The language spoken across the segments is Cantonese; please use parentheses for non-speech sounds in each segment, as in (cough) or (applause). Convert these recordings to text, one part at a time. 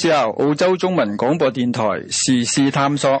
時候，澳洲中文廣播電台時事探索。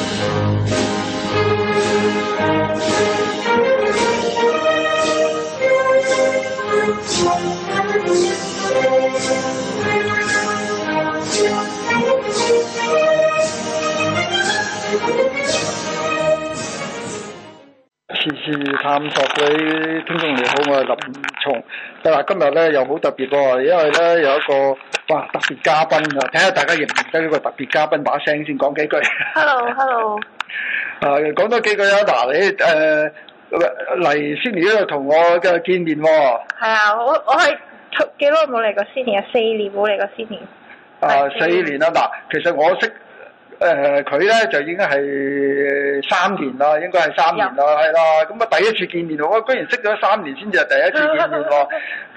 時事探索佢，聽眾你好，我係林松。嗱，今日咧又好特別喎，因為咧有一個哇特別嘉賓啊！睇下大家認唔認得呢個特別嘉賓，把聲先講幾句。Hello，hello。啊，講多幾句啦！嗱，你誒嚟悉尼呢度同我嘅見面喎。係啊，我我係幾耐冇嚟過悉尼啊？四年冇嚟過悉尼。啊，四年啦！嗱，其實我識。誒，佢咧、呃、就已經係三年啦，應該係三年啦，係啦 Yeah.。咁啊第一次見面喎，我居然識咗三年先至係第一次見面喎。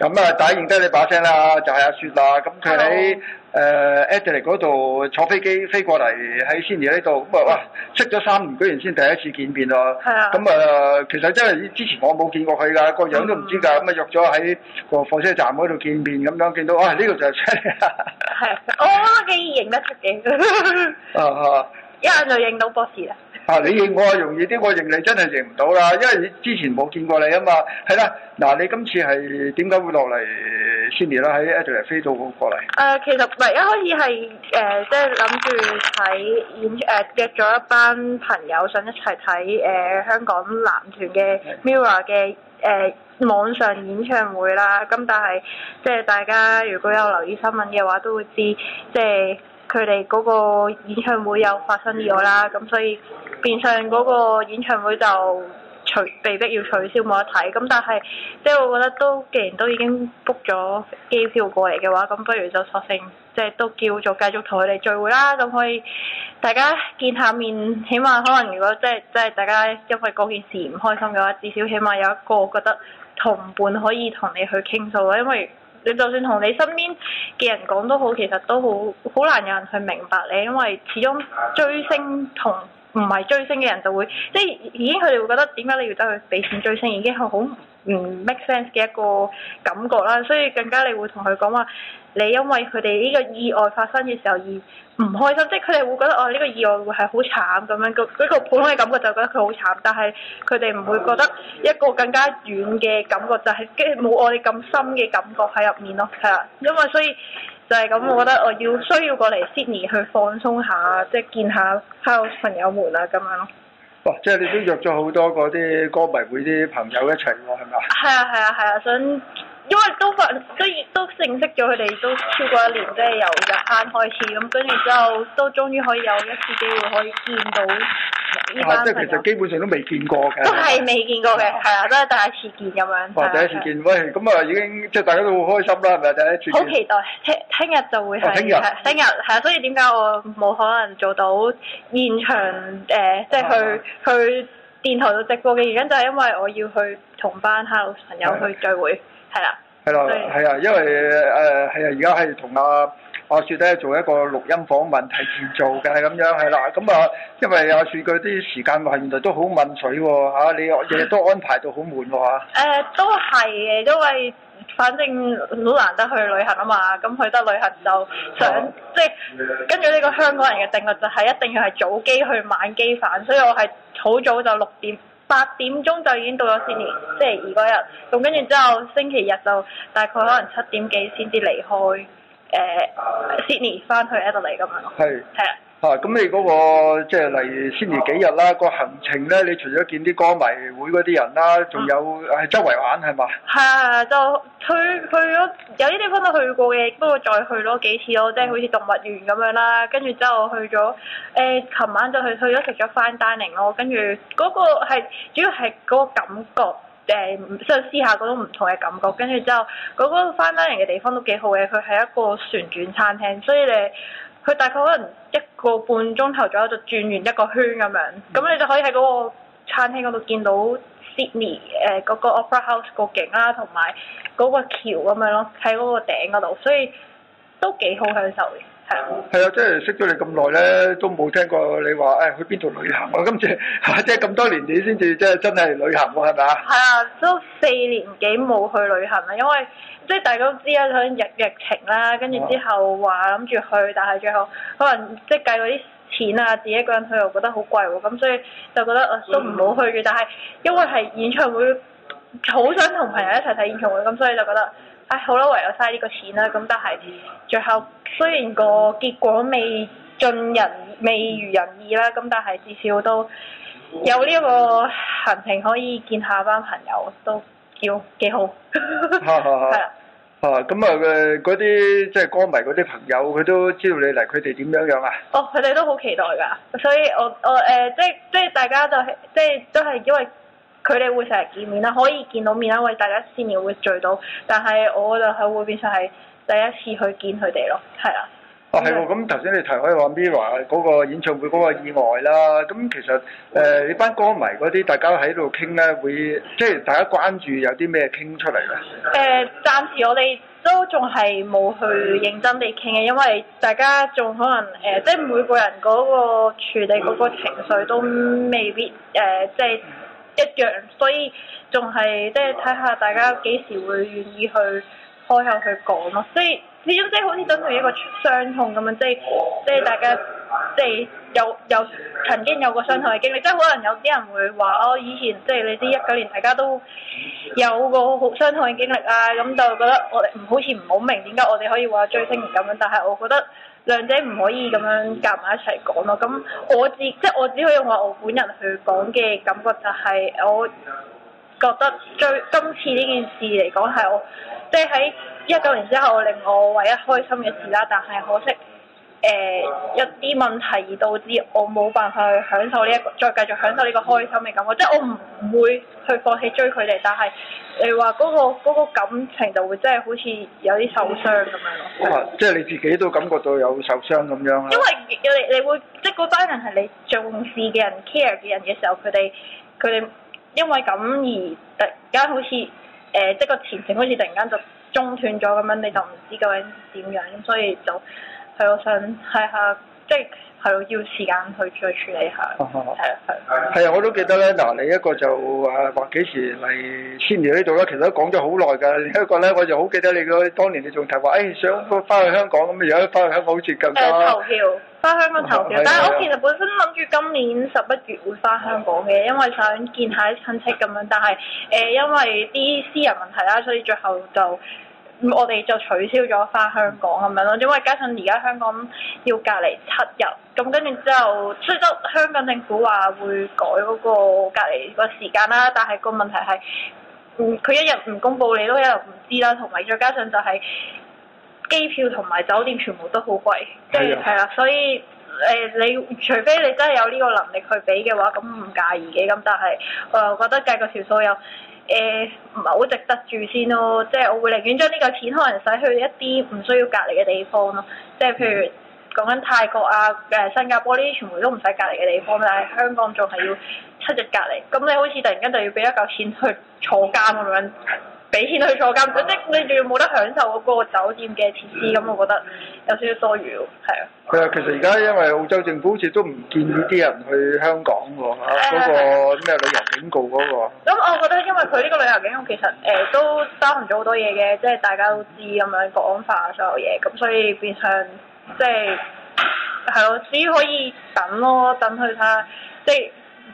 咁啊， (laughs) 大家認得你把聲啦，就係、是、阿雪啦。咁佢喺。誒 Adelaide 嗰度坐飛機飛過嚟喺 Sydney 呢度，咁啊，識咗三年居然先第一次見面咯。係啊。咁啊，嗯、其實真係之前我冇見過佢㗎，個樣都唔知㗎，咁啊、嗯、約咗喺個火車站嗰度見面咁樣，見到啊呢、呢個就係 Sydney、啊、我幾易認得出嘅。哦 (laughs) 啊、一眼就認到博士啦。啊！你認我係容易啲，我認你真係認唔到啦，因為你之前冇見過你啊嘛。係啦，嗱，你今次係點解會落嚟悉尼啦？喺 Adelaide 飛到過嚟？誒，其實唔係，一開始係誒，即係諗住睇演誒約咗一班朋友想一齊睇誒香港男團嘅 Mirror 嘅誒、呃、網上演唱會啦。咁但係即係大家如果有留意新聞嘅話，都會知即係佢哋嗰個演唱會又發生咗啦。咁所以。面上嗰個演唱會就除被逼要取消冇得睇，咁但係即係我覺得都既然都已經 book 咗機票過嚟嘅話，咁不如就索性即係都叫做繼續同佢哋聚會啦，咁可以大家見下面，起碼可能如果即係即係大家因為嗰件事唔開心嘅話，至少起碼有一個覺得同伴可以同你去傾訴啦，因為你就算同你身邊嘅人講都好，其實都好好難有人去明白你，因為始終追星同。唔係追星嘅人就會，即係已經佢哋會覺得點解你要走去俾錢追星，已經係好唔 make sense 嘅一個感覺啦。所以更加你會同佢講話，你因為佢哋呢個意外發生嘅時候而唔開心，即係佢哋會覺得哦呢個意外會係好慘咁樣，嗰個普通嘅感覺就覺得佢好慘，但係佢哋唔會覺得一個更加遠嘅感覺，就係跟住冇我哋咁深嘅感覺喺入面咯，係啊，因為所以。就係咁，我覺得我要需要過嚟 Sydney 去放鬆下，即係見下 house 朋友們啦，咁樣咯。哦！即係你都約咗好多嗰啲歌迷會啲朋友一齊喎，係咪 (laughs) 啊？係啊，係啊，係啊，想～因為都發都都認識咗佢哋都超過一年，即係由入晏開始咁，跟住之後都終於可以有一次機會可以見到依班即係其實基本上都未見過嘅。都係未見過嘅，係啊，都係第一次見咁樣。第一次見，喂，咁啊已經即係大家都好開心啦，係咪第一次好期待？聽聽日就會係聽日係啊，所以點解我冇可能做到現場誒？即係去去電台度直播嘅原因，就係因為我要去同班 Hello 朋友去聚會。係啦，係咯，係啊，因為誒係、呃、啊，而家係同阿阿雪咧做一個錄音訪問建造嘅，係咁樣，係啦，咁、嗯、啊，因為阿、啊、雪佢啲時間係現在都好敏水喎，吓、啊、你日日都安排到好滿喎，吓。誒，都係，因為反正好難得去旅行啊嘛，咁去得旅行就想，啊、即係跟住呢個香港人嘅定律就係一定要係早機去晚機返，所以我係好早就六點。八點鐘就已經到咗 Sydney，星期二嗰日，咁跟住之後星期日就大概可能七點幾先至離開。誒、呃、Sydney 翻去 Adelaide 咁樣咯，係是。啊。啊，咁你嗰、那個即係例如先前幾日啦，啊、個行程咧，你除咗見啲歌迷會嗰啲人啦，仲有喺周圍玩係嘛？係啊，就去去咗有啲地方都去過嘅，不過再去多幾次咯，即係好似動物園咁樣啦。跟住之後去咗誒，琴、呃、晚就去去咗食咗 fine dining 咯。跟住嗰個係主要係嗰個感覺即想、呃、私下嗰種唔同嘅感覺。跟住之後嗰個 fine dining 嘅地方都幾好嘅，佢係一個旋轉餐廳，所以你。佢大概可能一個半鐘頭左右就轉完一個圈咁樣，咁你就可以喺個餐廳度見到 Sydney 誒呃個 Opera House 個景啦，同埋個橋咁樣咯，喺個頂度，所以都幾好享受嘅。係啊，係啊，即係識咗你咁耐咧，都冇聽過你話誒、哎、去邊度旅行啊！今次嚇、啊、即係咁多年你先至即係真係旅行喎，係咪啊？係啊，都四年幾冇去旅行啊，因為即係大家都知啊，響疫疫情啦，跟住之後話諗住去，但係最後、啊、可能即係計嗰啲錢啊，嗯、自己一個人去又覺得好貴喎，咁所以就覺得誒都唔好去嘅。但係因為係演唱會，好想同朋友一齊睇演唱會，咁所以就覺得。嗯嗯。唉，好啦，唯有嘥呢個錢啦。咁但係最後雖然個結果未盡人未如人意啦，咁但係至少都有呢一個行程可以見下班朋友，都叫幾好。係 (laughs) 了啊。咁啊誒，嗰啲即係歌迷嗰啲朋友，佢都知道你嚟，佢哋點樣樣啊？哦，佢哋都好期待㗎，所以我我誒、呃、即係即係大家就係、是、即係都係因為。佢哋會成日見面啦，可以見到面啦，因為大家先至會聚到。但係我就係會變成係第一次去見佢哋咯，係啊，哦，係喎、嗯。咁頭先你提開話 Mirror 嗰個演唱會嗰個意外啦，咁其實誒、呃嗯、你班歌迷嗰啲大家喺度傾咧，會即係大家關注有啲咩傾出嚟咧？誒、呃，暫時我哋都仲係冇去認真地傾嘅，因為大家仲可能誒、呃，即係每個人嗰個處理嗰個情緒都未必誒，即、呃、係。呃呃呃呃呃呃一樣，所以仲係即係睇下大家幾時會願意去開口去講咯。即係，始終即係好似等同一個傷痛咁樣，即係即係大家即係有有曾經有過傷痛嘅經歷。即係可能有啲人會話哦，以前即係你知一九年大家都有個好傷痛嘅經歷啊，咁就覺得我哋唔好似唔好明點解我哋可以話追星咁樣。但係我覺得。兩者唔可以咁樣夾埋一齊講咯。咁我只即係我只可以用我本人去講嘅感覺就係、是，我覺得最今次呢件事嚟講係我，即係喺一九年之後，令我唯一開心嘅事啦。但係可惜。誒、呃、Wow. 一啲問題而導致我冇辦法去享受呢、這、一個，再繼續享受呢個開心嘅感覺。即係 Yeah. 我唔唔會去放棄追佢哋，但係誒話嗰個嗰個感情就會真係好似有啲受傷咁樣咯。Wow. 是即係你自己都感覺到有受傷咁樣。因為你你會即係嗰班人係你重視嘅人、care 嘅人嘅時候，佢哋佢哋因為咁而突然間好似誒，即係個前程好似突然間就中斷咗咁樣，你就唔知究竟點樣，所以就。Yeah. mm. 係我想係啊，即係係要時間去再處理下。係啊係。係啊，我都記得咧。嗱，你一個就誒話幾時嚟千年呢度咧？其實都講咗好耐㗎。另一個咧，我就好記得你個當年你仲提話誒、哎、想翻去香港咁，而家翻去香港好似咁、啊，加、啊。投票翻香港投票，啊啊、但係我其實本身諗住今年十一月會翻香港嘅，啊、因為想見下啲親戚咁樣。但係誒、呃，因為啲私人問題啦，所以最後就。我哋就取消咗翻香港咁樣咯，因為加上而家香港要隔離七日，咁跟住之後，雖則香港政府話會改嗰個隔離個時間啦，但係個問題係，嗯，佢一日唔公佈你都一日唔知啦，同埋再加上就係機票同埋酒店全部都好貴，即係，係啦，所以誒、呃，你除非你真係有呢個能力去俾嘅話，咁唔介意嘅，咁但係我覺得計個條數有。誒唔係好值得住先咯，即係我會寧願將呢嚿錢可能使去一啲唔需要隔離嘅地方咯，即係譬如講緊泰國啊、誒新加坡呢啲全部都唔使隔離嘅地方，但係香港仲係要七日隔離，咁你好似突然間就要俾一嚿錢去坐監咁樣。俾錢去坐監，即係你仲要冇得享受嗰個酒店嘅設施，咁、嗯、我覺得有少少多餘咯，係啊。係啊，其實而家因為澳洲政府好似都唔建議啲人去香港喎，嚇嗰的個咩旅遊警告嗰、那個。咁、嗯、我覺得因為佢呢個旅遊警告其實誒、呃、都包含咗好多嘢嘅，即係大家都知咁樣講法所有嘢，咁所以變相即係係咯，只可以等咯，等佢睇，即係。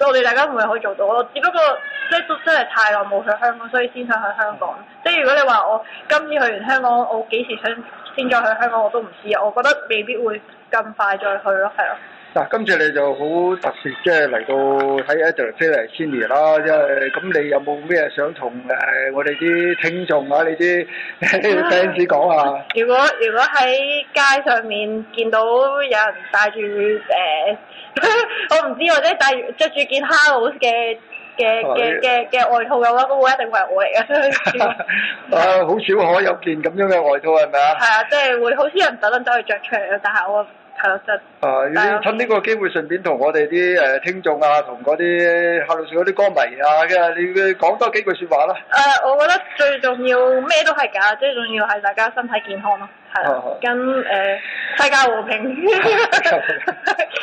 我哋大家唔係可以做到咯？只不過即係都真係太耐冇去香港，所以先想去香港。即係如果你話我今次去完香港，我幾時想先再去香港我都唔知。啊，我覺得未必會咁快再去咯，係咯。嗱、啊，今次你就好特別，即係嚟到睇 Adrian，即係 Cindy 啦。即係咁，你有冇咩想同誒我哋啲聽眾啊，你啲 fans 講下？如果如果喺街上面見到有人戴住誒、呃， (laughs) 我唔知，或者戴著著住件 Halo 嘅嘅嘅嘅嘅外套嘅話，都會一定係我嚟嘅。 (laughs) 啊，好、啊、 (laughs) 少可有件咁樣嘅外套係咪啊？係啊，即係會好少人特登走去着出嚟啊！但係我。係咯，就係、係啊、要趁呢個機會，順便同我哋啲誒聽眾啊，同嗰啲客路線嗰啲歌迷啊，嘅你講多幾句説話啦。係、啊、我覺得最重要咩都係㗎，最重要係大家身體健康咯。係，咁誒世界和平，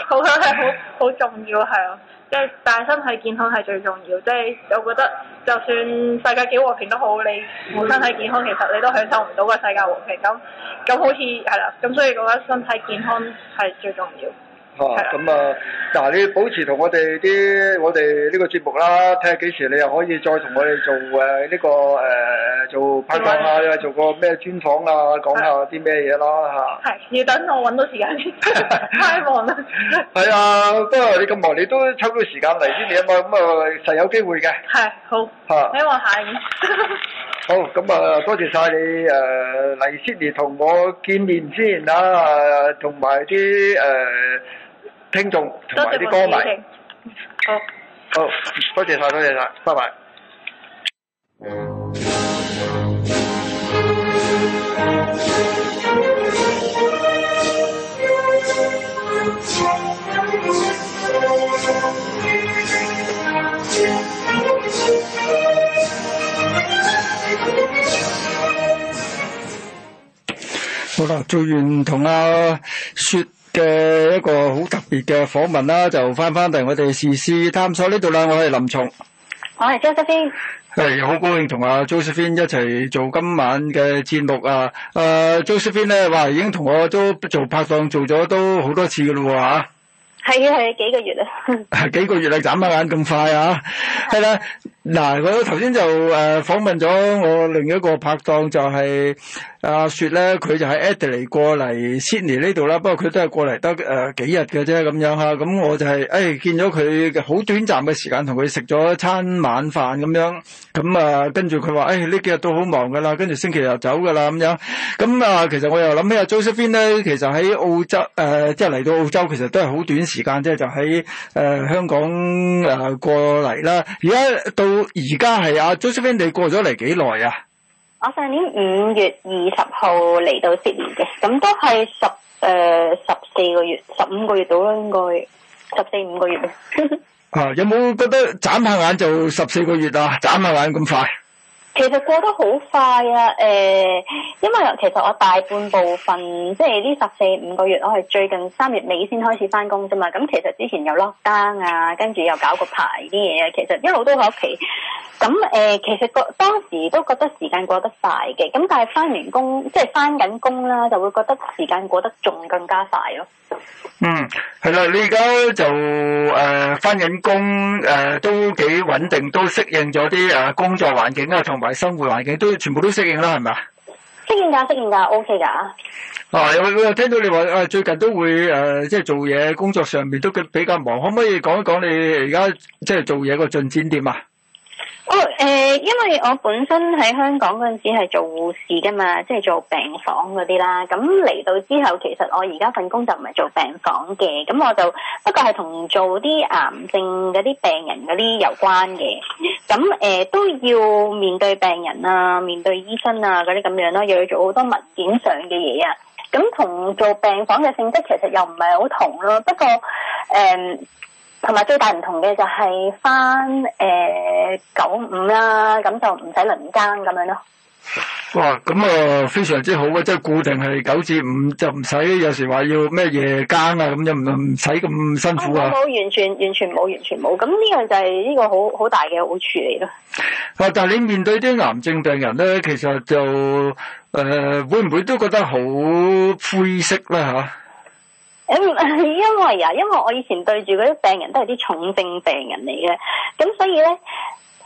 好係好好重要係啊。即係，但係身體健康係最重要。即係我覺得，就算世界幾和平都好，你冇身體健康，其實你都享受唔到個世界和平。咁咁好似係啦，咁所以覺得身體健康係最重要。咁啊！嗱、嗯啊，你保持同我哋啲我哋呢個節目啦，睇下幾時你又可以再同我哋做誒呢、呃呢個誒、呃、做拍檔啊，又做個咩專訪啊，講下啲咩嘢啦嚇。係、啊，要等我揾到時間先，太忙啦。係啊，不過你咁忙，你都抽到時間嚟先你啊嘛，咁、嗯、啊實有機會嘅。係 (laughs) 好你希望係。好 (laughs) 咁啊，嗯、啊，多謝晒你誒、呃、黎 Sir 同我見面先啊，同埋啲誒。呃聽眾同埋啲歌迷，好，好，多謝曬，多謝曬，拜拜。好啦，做完同阿雪嘅一個好特別嘅訪問啦，就翻翻嚟我哋試試探索呢度啦。我係林松，我係 Josephine，係好高興同阿 Josephine 一齊做今晚嘅節目啊！誒 Josephine 咧話已經同我都做拍檔做咗都好多次噶咯吓，係啊係啊，幾個月啊，係 (laughs) 幾個月你眨下眼咁快啊，係啦的。嗱、啊，我頭先就誒、呃、訪問咗我另一個拍檔、就是，啊、就係阿雪咧，佢就喺 Adelaide 過嚟 Sydney 呢度啦，不過佢都係過嚟得誒幾日嘅啫咁樣嚇，咁、啊嗯、我就係、是、誒、哎、見咗佢好短暫嘅時間，同佢食咗一餐晚飯咁樣，咁啊跟住佢話誒呢幾日都好忙㗎啦，跟住、哎、星期日走㗎啦咁樣，咁啊其實我又諗起阿、啊、Josephine 咧，其實喺澳洲誒、呃、即係嚟到澳洲，其實都係好短時間啫，就喺誒、呃、香港誒、呃、過嚟啦，而家到。而家係啊，Josephine，你過咗嚟幾耐啊？我上年五月二十號嚟到悉尼嘅，咁都係十誒十四個月，十五個月到啦，應該十四五個月。 (laughs) 啊，有冇覺得眨下眼就十四個月啊？眨下眼咁快？其實過得好快啊！誒、呃，因為其實我大半部分，即係呢十四五個月，我係最近三月尾先開始返工啫嘛。咁其實之前又 lockdown 啊，跟住又搞個牌啲嘢，其實一路都喺屋企。咁誒、嗯，其實個當時都覺得時間過得快嘅，咁但係翻完工，即係翻緊工啦，就會覺得時間過得仲更加快咯。嗯，係啦，你而家就誒翻緊工誒、呃，都幾穩定，都適應咗啲誒工作環境啊，同埋生活環境都全部都適應啦，係咪？適應噶，適應噶，O K 噶。Okay、啊，我我聽到你話誒，最近都會誒，即、呃、係做嘢工作上面都比較忙，可唔可以講一講你而家即係做嘢個進展點啊？哦，誒，oh, uh, 因為我本身喺香港嗰陣時係做護士㗎嘛，即係做病房嗰啲啦。咁嚟到之後，其實我而家份工就唔係做病房嘅，咁我就不過係同做啲癌症嗰啲病人嗰啲有關嘅。咁誒、uh, 都要面對病人啊，面對醫生啊嗰啲咁樣咯，又要做好多文件上嘅嘢啊。咁同做病房嘅性質其實又唔係好同咯。不過誒。Uh, 同埋最大唔同嘅就係翻誒九五啦、啊，咁就唔使輪更咁樣咯。哇！咁啊，非常之好嘅，即、就、係、是、固定係九至五就唔使，有時話要咩夜更啊，咁就唔唔使咁辛苦啊。冇、啊、完全，完全冇，完全冇。咁呢樣就係呢個好好大嘅好處嚟咯。啊！但係你面對啲癌症病人咧，其實就誒、呃、會唔會都覺得好灰色咧吓？啊。因為啊，因為我以前對住嗰啲病人都係啲重症病人嚟嘅，咁所以咧，誒、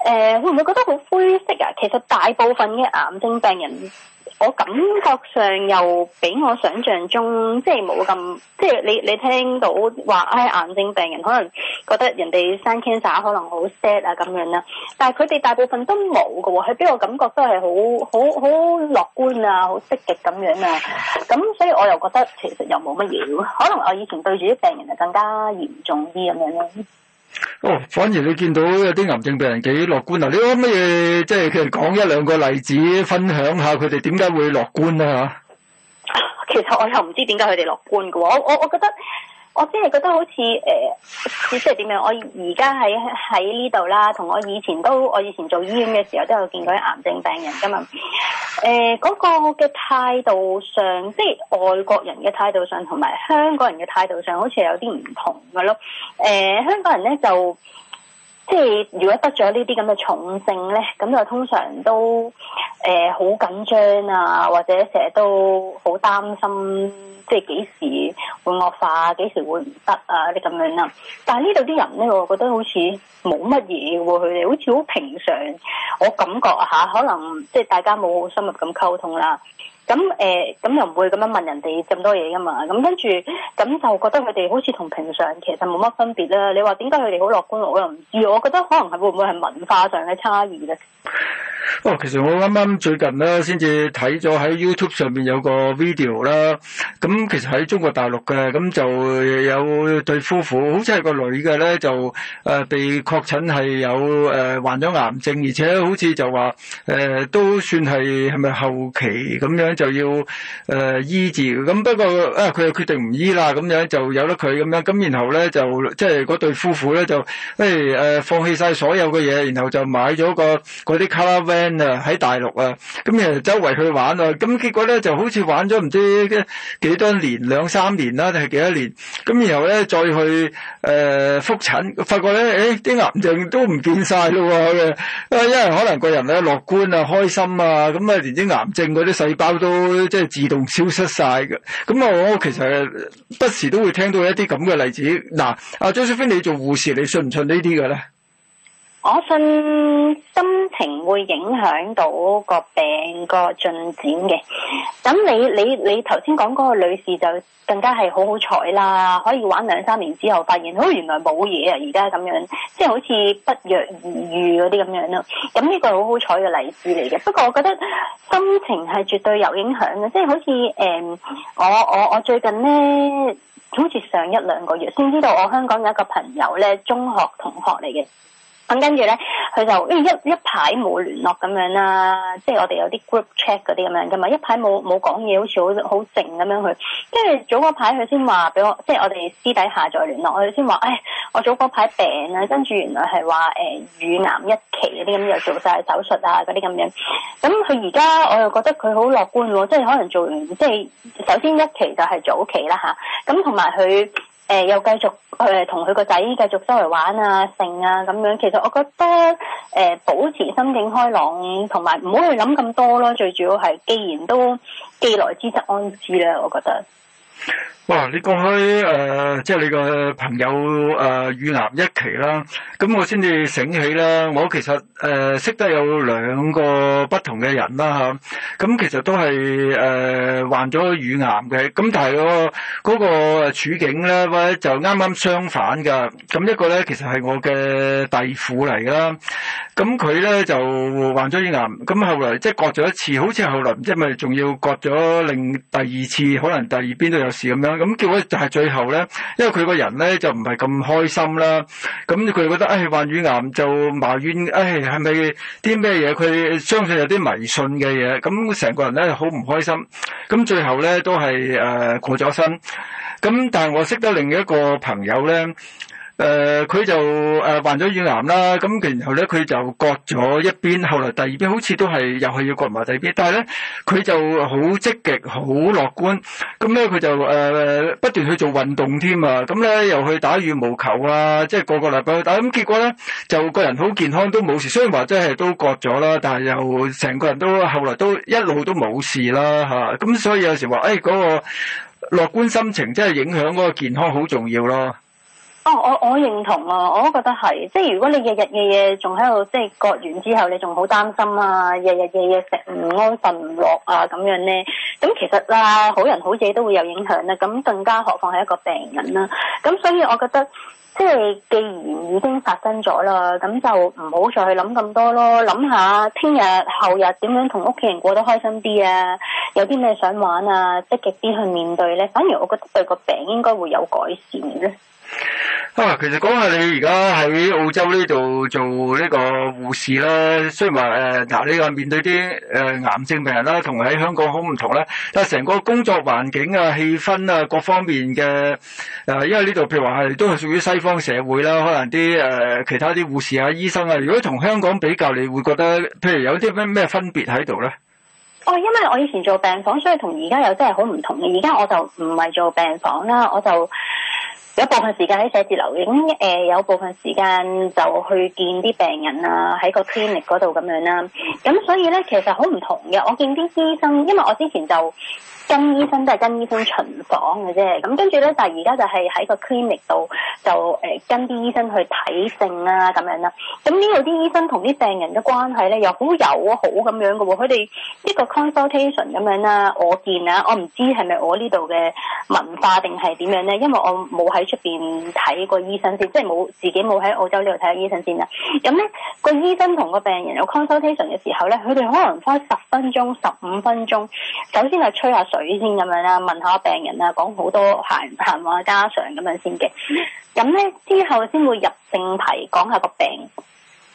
呃、會唔會覺得好灰色啊？其實大部分嘅癌症病人。我感覺上又比我想象中即係冇咁，即係你你聽到話唉，癌症病人可能覺得人哋生 cancer 可能好 sad 啊咁樣啦，但係佢哋大部分都冇嘅喎，佢俾我感覺都係好好好樂觀啊，好積極咁樣啊，咁所以我又覺得其實又冇乜嘢，可能我以前對住啲病人就更加嚴重啲咁樣咯。哦，反而你見到有啲癌症病人幾樂觀啊！你可唔可以，即係譬如講一兩個例子，分享下佢哋點解會樂觀咧、啊、吓？其實我又唔知點解佢哋樂觀嘅，我我我覺得。我只係覺得好似，呃、誒，唔知點樣。我而家喺喺呢度啦，同我以前都，我以前做醫院嘅時候都有見過啲癌症病人噶嘛。誒、呃，嗰個嘅態度上，即係外國人嘅態度上，同埋香港人嘅態度上，好似有啲唔同嘅咯。誒、呃，香港人咧就。即係如果得咗呢啲咁嘅重症咧，咁就通常都誒好緊張啊，或者成日都好擔心，即係幾時會惡化，幾時會唔得啊？啲咁樣啦。但係呢度啲人咧，我覺得好似冇乜嘢喎，佢哋好似好平常。我感覺吓，可能即係大家冇好深入咁溝通啦。咁誒，咁又唔會咁樣問人哋咁多嘢㗎嘛？咁跟住，咁、嗯嗯、就覺得佢哋好似同平常其實冇乜分別啦、啊。你話點解佢哋好樂觀？我又唔知。我覺得可能係會唔會係文化上嘅差異咧、啊？哦，其實我啱啱最近咧先至睇咗喺 YouTube 上面有個 video 啦。咁、嗯、其實喺中國大陸嘅，咁、嗯、就有對夫婦，好似係個女嘅咧就誒、呃、被確診係有誒、呃、患咗癌症，而且好似就話誒、呃、都算係係咪後期咁樣就要誒、呃、醫治。咁不過啊，佢又決定唔醫啦，咁樣就有得佢咁樣。咁然後咧就即係嗰對夫婦咧就誒誒、哎呃、放棄晒所有嘅嘢，然後就買咗個嗰啲卡拉 friend 啊，喺大陸啊，咁然後周圍去玩啊，咁結果咧就好似玩咗唔知幾多年，兩三年啦定係幾多年，咁然後咧再去誒復診，發覺咧誒啲癌症都唔見晒咯喎，因為可能個人咧樂觀啊，開心啊，咁、嗯、啊連啲癌症嗰啲細胞都即係自動消失晒。嘅。咁啊，我其實不時都會聽到一啲咁嘅例子。嗱，阿 Josephine 你做護士，你信唔信呢啲嘅咧？我信心情會影響到個病個進展嘅。咁你你你頭先講嗰個女士就更加係好好彩啦，可以玩兩三年之後發現，哦，原來冇嘢啊，而家咁樣，即係好似不藥而愈嗰啲咁樣咯。咁呢個係好好彩嘅例子嚟嘅。不過我覺得心情係絕對有影響嘅，即係好似誒、嗯，我我我最近呢，好似上一兩個月先知道，我香港有一個朋友呢，中學同學嚟嘅。咁跟住咧，佢就因為一一排冇聯絡咁樣啦，即係我哋有啲 group chat 嗰啲咁樣噶嘛，一排冇冇講嘢，好似好好靜咁樣佢。跟住早嗰排佢先話俾我，即係我哋私底下再聯絡，佢先話，誒、哎，我早嗰排病啦，跟住原來係話誒乳癌一期嗰啲咁，又做晒手術啊嗰啲咁樣。咁佢而家我又覺得佢好樂觀喎，即係可能做完，即係首先一期就係早期啦嚇，咁同埋佢。誒、呃、又繼續誒同佢個仔繼續周圍玩啊、剩啊咁樣，其實我覺得誒、呃、保持心境開朗，同埋唔好去諗咁多咯。最主要係，既然都既來之則安之啦，我覺得。哇！你過去，誒、呃，即係你個朋友誒，乳、呃、癌一期啦，咁我先至醒起啦。我其實誒、呃、識得有兩個不同嘅人啦吓，咁、啊、其實都係誒、呃、患咗乳癌嘅，咁但係我嗰個處境咧、呃，就啱啱相反噶。咁一個咧，其實係我嘅弟婦嚟啦，咁佢咧就患咗乳癌，咁後來即係割咗一次，好似後來即係咪仲要割咗另第二次，可能第二邊都有。事咁樣，咁結果就係最後咧，因為佢個人咧就唔係咁開心啦。咁佢覺得唉、哎，患乳癌就埋怨，唉、哎，係咪啲咩嘢？佢相信有啲迷信嘅嘢，咁成個人咧好唔開心。咁最後咧都係誒、呃、過咗身。咁，但係我識得另一個朋友咧。誒，佢、呃、就誒、呃、患咗乳癌啦，咁、嗯、然後咧佢就割咗一邊，後來第二邊好似都係又係要割埋第二邊，但係咧佢就好積極、好樂觀，咁咧佢就誒、呃、不斷去做運動添啊，咁、嗯、咧又去打羽毛球啦啊，即係個個禮拜打，咁結果咧就個人好健康，都冇事。雖然話即係都割咗啦，但係又成個人都後來都一路都冇事啦，吓、啊。咁、嗯、所以有時話誒嗰個樂觀心情真係影響嗰個健康好重要咯。我我認同啊，我都覺得係，即係如果你日日夜夜仲喺度，即係割完之後你仲好擔心啊，日日夜夜食唔安瞓唔落啊咁樣呢，咁其實啦、啊，好人好者都會有影響咧、啊，咁更加何況係一個病人啦、啊，咁所以我覺得即係既然已經發生咗啦，咁就唔好再去諗咁多咯，諗下聽日後日點樣同屋企人過得開心啲啊，有啲咩想玩啊，積極啲去面對呢，反而我覺得對個病應該會有改善嘅。啊，其實講下你而家喺澳洲呢度做呢個護士啦，雖然話誒，嗱呢個面對啲誒、呃、癌症病人、啊、啦，同喺香港好唔同咧，但係成個工作環境啊、氣氛啊、各方面嘅誒、呃，因為呢度譬如話係都係屬於西方社會啦，可能啲誒、呃、其他啲護士啊、醫生啊，如果同香港比較，你會覺得，譬如有啲咩咩分別喺度咧？哦，因為我以前做病房，所以同而家又真係好唔同。而家我就唔係做病房啦，我就。有部分時間喺寫字樓影，誒、呃、有部分時間就去見啲病人啊，喺個 clinic 嗰度咁樣啦。咁所以咧，其實好唔同嘅。我見啲醫生，因為我之前就。跟醫生都係跟醫生巡房嘅啫，咁跟住咧，但係而家就係喺個 clinic 度就誒跟啲醫生去睇症啦。咁樣啦。咁呢度啲醫生同啲病人嘅關係咧又好友好咁樣嘅喎，佢哋一個 consultation 咁樣啦，我見啊，我唔知係咪我呢度嘅文化定係點樣咧，因為我冇喺出邊睇過醫生先，即係冇自己冇喺澳洲呢度睇過醫生先啦。咁咧、這個醫生同個病人有 consultation 嘅時候咧，佢哋可能花十分鐘、十五分鐘，首先係吹下。水先咁樣啦，問下病人啊，講好多閒閒話家常咁樣先嘅，咁咧之後先會入正題，講下個病。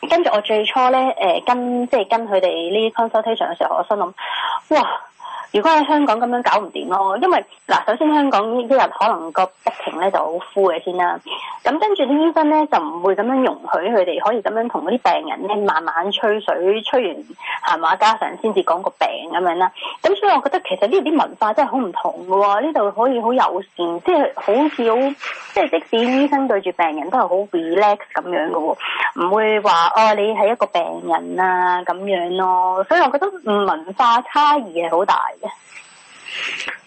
跟住我最初咧，誒， (music) 跟即係跟佢哋呢啲 consultation 嘅時候，我心諗：哇！ (music) (music) 如果喺香港咁樣搞唔掂咯，因為嗱首先香港呢一日可能個疫情咧就好枯嘅先啦，咁跟住啲醫生咧就唔會咁樣容許佢哋可以咁樣同嗰啲病人咧慢慢吹水，吹完閒話家常先至講個病咁樣啦。咁所以我覺得其實呢啲文化真係好唔同嘅喎、哦，呢度可以好友善，即係好似好，即、就、係、是、即使醫生對住病人都係好 relax 咁樣嘅喎、哦，唔會話哦你係一個病人啊咁樣咯。所以我覺得文化差異係好大。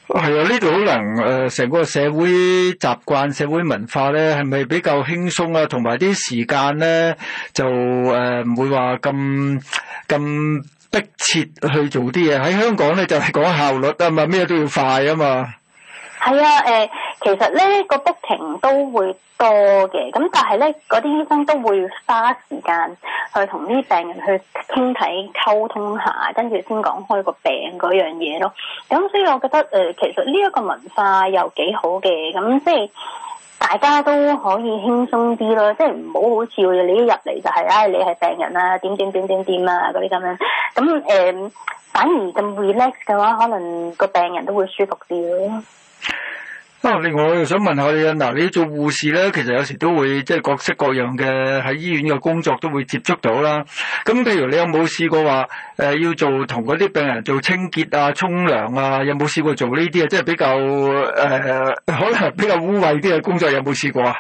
係啊，呢度可能誒，成、呃、個社會習慣、社會文化咧，係咪比較輕鬆啊？同埋啲時間咧，就誒唔、呃、會話咁咁迫切去做啲嘢。喺香港咧，就係講效率啊嘛，咩都要快啊嘛。係啊，誒、呃，其實咧個 booking 都會多嘅，咁但係咧嗰啲醫生都會花時間去同啲病人去傾偈溝通下，跟住先講開個病嗰樣嘢咯。咁所以我覺得誒、呃，其實呢一個文化又幾好嘅，咁即係大家都可以輕鬆啲咯，即係唔好好似你一入嚟就係、是、唉、哎，你係病人啊，點點點點點，點啊嗰啲咁樣。咁誒、呃，反而咁 relax 嘅話，可能個病人都會舒服啲咯。啊！另外，我又想問下你啊，嗱，你做護士咧，其實有時都會即係、就是、各式各樣嘅喺醫院嘅工作都會接觸到啦。咁譬如你有冇試過話誒、呃、要做同嗰啲病人做清潔啊、沖涼啊？有冇試過做呢啲啊？即係比較誒、呃、可能比較污穢啲嘅工作，有冇試過啊、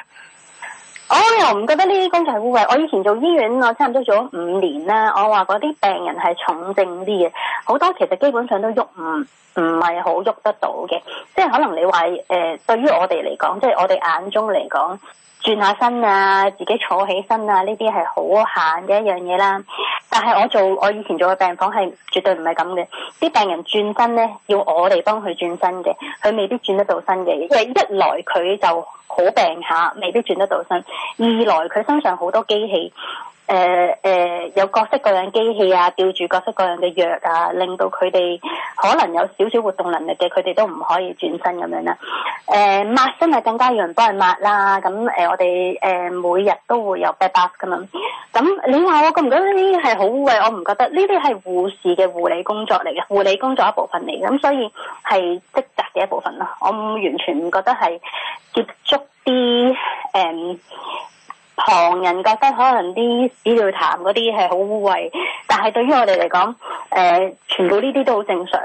哦？我又唔覺得呢啲工作係污穢。我以前做醫院，我差唔多做咗五年啦。我話嗰啲病人係重症啲嘅，好多其實基本上都喐唔。唔係好喐得到嘅，即係可能你話誒、呃，對於我哋嚟講，即係我哋眼中嚟講，轉下身啊，自己坐起身啊，呢啲係好閒嘅一樣嘢啦。但係我做我以前做嘅病房係絕對唔係咁嘅，啲病人轉身呢，要我哋幫佢轉身嘅，佢未必轉得到身嘅。因為一來佢就好病下，未必轉得到身；二來佢身上好多機器。誒誒、呃呃、有各式各樣機器啊，吊住各式各樣嘅藥啊，令到佢哋可能有少少活動能力嘅，佢哋都唔可以轉身咁樣啦、啊。誒、呃、抹身係更加要人幫佢抹啦。咁、啊、誒、呃、我哋誒、呃、每日都會有 bed bath 㗎嘛咁你話我覺唔覺得呢啲係好污穢？我唔覺得呢啲係護士嘅護理工作嚟嘅，護理工作一部分嚟嘅。咁、嗯、所以係職責嘅一部分咯。我唔完全唔覺得係接觸啲誒。嗯旁人覺得可能啲屎尿痰嗰啲係好污穢，但係對於我哋嚟講，誒、呃、全部呢啲都好正常。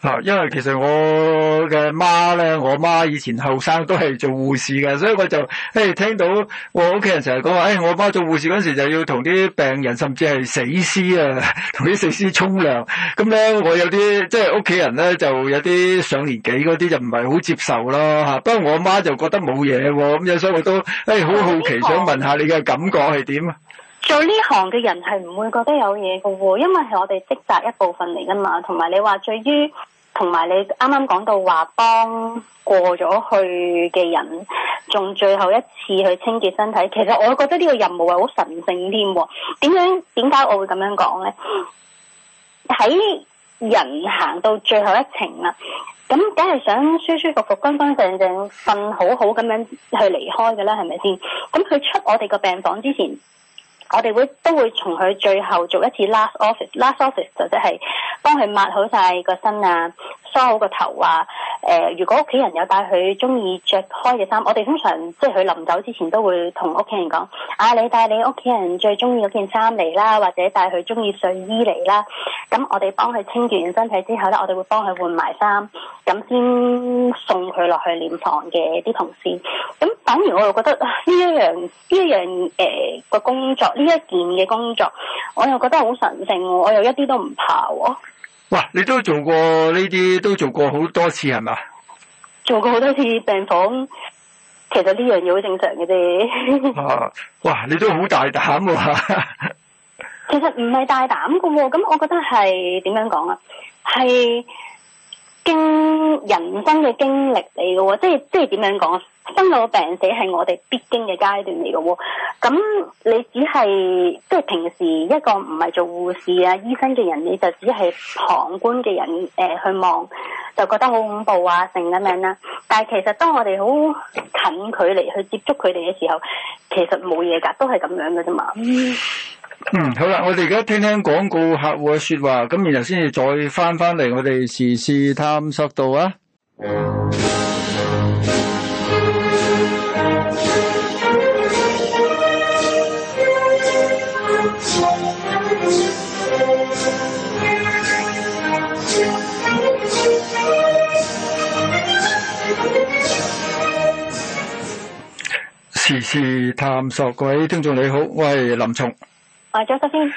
啊，因為其實我嘅媽咧，我媽以前後生都係做護士嘅，所以我就誒聽到我屋企人成日講話，誒、哎、我媽做護士嗰時就要同啲病人，甚至係死屍啊，同啲死屍沖涼，咁咧我有啲即係屋企人咧就有啲上年紀嗰啲就唔係好接受咯，吓、啊，不過我媽就覺得冇嘢喎，咁樣所以我都誒好好奇想問下你嘅感覺係點？做呢行嘅人係唔會覺得有嘢嘅喎，因為係我哋職責一部分嚟噶嘛。同埋你話對於同埋你啱啱講到話幫過咗去嘅人，仲最後一次去清潔身體，其實我覺得呢個任務係好神聖添。點樣點解我會咁樣講呢？喺人行到最後一程啦，咁梗係想舒舒服服、乾乾淨淨、瞓好好咁樣去離開嘅啦，係咪先？咁佢出我哋個病房之前。我哋會都會從佢最後做一次 last office，last office 就即係幫佢抹好晒個身啊。梳好個頭啊！誒、呃，如果屋企人有帶佢中意着開嘅衫，我哋通常即係佢臨走之前都會同屋企人講：啊，你帶你屋企人最中意嗰件衫嚟啦，或者帶佢中意睡衣嚟啦。咁我哋幫佢清潔完身體之後咧，我哋會幫佢換埋衫，咁先送佢落去殮房嘅啲同事。咁反而我又覺得呢一、啊、樣呢一樣誒個、呃、工作呢一件嘅工作，我又覺得好神聖，我又一啲都唔怕喎、哦。哇！你都做過呢啲，都做過好多次係嘛？做過好多次病房，其實呢樣嘢好正常嘅啫 (laughs) 、啊。哇！你都好大膽喎、啊。 (laughs) 其實唔係大膽嘅、啊，咁我覺得係點樣講啊？係經人生嘅經歷嚟嘅喎，即係即係點樣講啊？生老病死係我哋必經嘅階段嚟嘅喎，咁你只係即係平時一個唔係做護士啊醫生嘅人，你就只係旁觀嘅人誒、呃、去望，就覺得好恐怖啊，成咁樣啦。但係其實當我哋好近距離去接觸佢哋嘅時候，其實冇嘢噶，都係咁樣嘅啫嘛。嗯，好啦，我哋而家聽聽廣告客戶嘅說話，咁然後先至再翻翻嚟我哋時事探索到啊。嗯時事探索，各位聽眾你好，我係林松。阿 Josephine，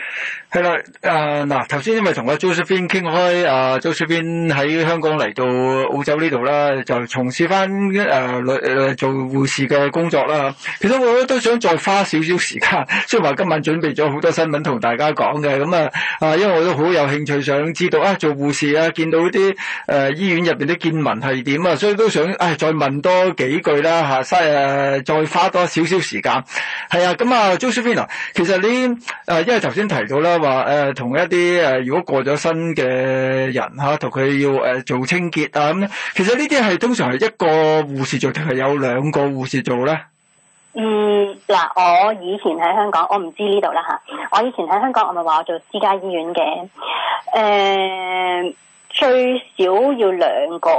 係啦，啊嗱，頭先因為同阿 Josephine 傾開，啊 Josephine 喺香港嚟到澳洲呢度啦，就從事翻誒女誒做護士嘅工作啦。其實我都想再花少少時間，雖然話今晚準備咗好多新聞同大家講嘅，咁啊啊，因為我都好有興趣想知道啊，做護士啊，見到啲誒、呃、醫院入邊啲見聞係點啊，所以都想誒、哎、再問多幾句啦，吓、啊，誒再花多少少時間。係啊，咁 Joseph 啊，Josephine，其實你。誒，因為頭先提到啦，話誒同一啲誒、呃，如果過咗身嘅人吓，同、啊、佢要誒、呃、做清潔啊咁，其實呢啲係通常係一個護士做定係有兩個護士做咧？嗯，嗱，我以前喺香港，我唔知呢度啦吓，我以前喺香港，我咪話我做私家醫院嘅，誒、呃，最少要兩個。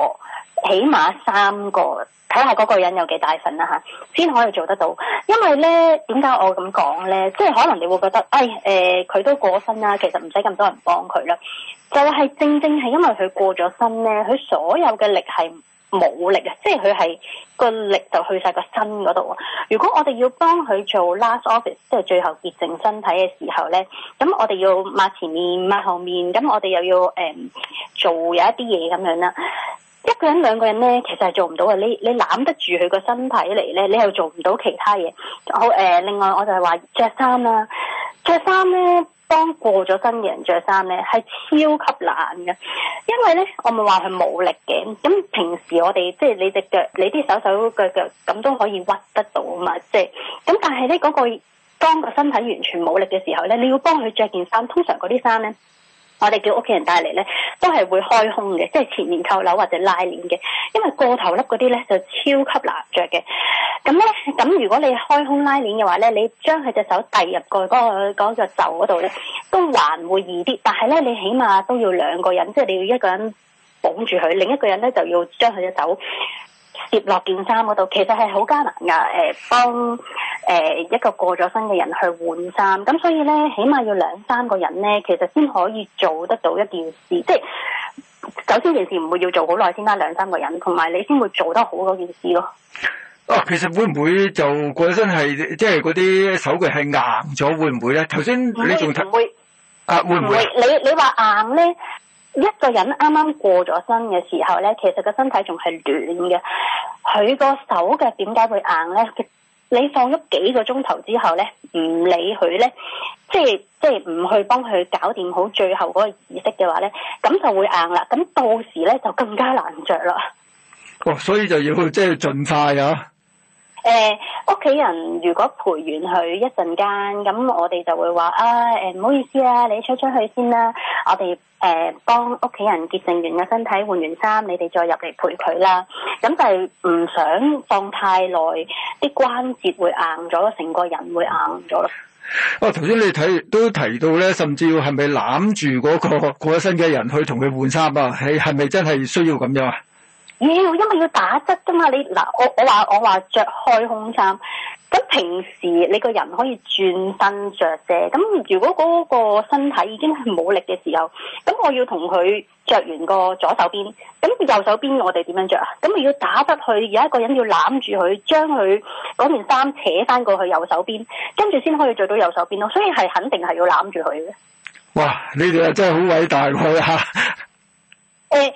起碼三個，睇下嗰個人有幾大份啦吓，先可以做得到。因為呢，點解我咁講呢？即係可能你會覺得，哎誒，佢、呃、都過身啦，其實唔使咁多人幫佢啦。就係、是、正正係因為佢過咗身呢，佢所有嘅力係冇力啊！即係佢係個力就去晒個身嗰度。如果我哋要幫佢做 last office，即係最後潔淨身體嘅時候呢，咁我哋要抹前面、抹後面，咁我哋又要誒、嗯、做有一啲嘢咁樣啦。一個人兩個人咧，其實係做唔到嘅。你你攬得住佢個身體嚟咧，你又做唔到其他嘢。好誒、呃，另外我就係話着衫啦、啊，着衫咧，幫過咗身嘅人着衫咧，係超級難嘅。因為咧，我咪話佢冇力嘅。咁平時我哋即係你隻腳，你啲手手腳腳咁都可以屈得到啊嘛。即係咁，但係咧嗰個當身體完全冇力嘅時候咧，你要幫佢着件衫，通常嗰啲衫咧。我哋叫屋企人帶嚟，呢都係會開胸嘅，即係前面扣紐或者拉鏈嘅，因為個頭粒嗰啲呢就超級難着嘅。咁呢，咁如果你開胸拉鏈嘅話呢，你將佢隻手遞入個嗰個嗰隻袖嗰度呢，都還會易啲。但係呢，你起碼都要兩個人，即係你要一個人綁住佢，另一個人呢就要將佢隻手。跌落件衫嗰度，其實係好艱難噶。誒、呃，幫誒、呃、一個過咗身嘅人去換衫，咁所以咧，起碼要兩三個人咧，其實先可以做得到一件事。即係，首先件事唔會要做好耐先啦，兩三個人，同埋你先會做得好嗰件事咯。哦、啊，其實會唔會就過咗身係即係嗰啲手腳係硬咗？會唔會咧？頭先你仲睇啊？會唔會？你你話硬咧？一個人啱啱過咗身嘅時候咧，其實個身體仲係暖嘅，佢個手嘅點解會硬咧？你放咗幾個鐘頭之後咧，唔理佢咧，即係即係唔去幫佢搞掂好最後嗰個儀式嘅話咧，咁就會硬啦。咁到時咧就更加難着啦。哦，所以就要即係盡快啊！誒，屋企、欸、人如果陪完佢一陣間，咁我哋就會話啊，誒、欸、唔好意思啊，你出出去先啦，我哋誒、欸、幫屋企人潔淨完個身體換完衫，你哋再入嚟陪佢啦。咁就係唔想放太耐，啲關節，會硬咗，成個人會硬咗咯。哦、啊，頭先你睇都提到咧，甚至要係咪攬住嗰個過咗身嘅人去同佢換衫啊？係係咪真係需要咁樣啊？要，因為要打側噶嘛。你嗱，我我話我話着開胸衫。咁平時你個人可以轉身着啫。咁如果嗰個身體已經係冇力嘅時候，咁我要同佢着完個左手邊，咁右手邊我哋點樣着啊？咁要打側去，而家一個人要攬住佢，將佢嗰件衫扯翻過去右手邊，跟住先可以着到右手邊咯。所以係肯定係要攬住佢嘅。哇！你哋真係好偉大佢、啊、吓。我、 (laughs) 欸。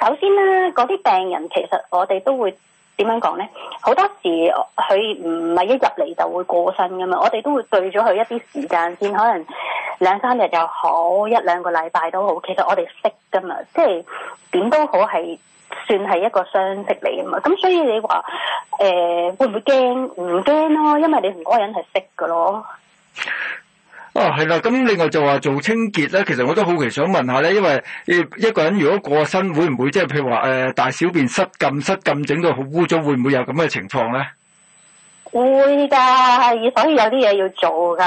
首先咧，嗰啲病人其實我哋都會點樣講咧？好多時佢唔係一入嚟，就會過身噶嘛，我哋都會對咗佢一啲時間先，可能兩三日又好，一兩個禮拜都好。其實我哋識噶嘛，即係點都好係算係一個相識嚟噶嘛。咁所以你話誒、呃、會唔會驚？唔驚咯，因為你同嗰個人係識噶咯。哦，係啦、啊，咁另外就話做清潔咧，其實我都好奇想問下咧，因為一個人如果過身，會唔會即係譬如話誒、呃、大小便失禁、失禁，整到好污糟，會唔會有咁嘅情況咧？會噶，所以有啲嘢要做噶。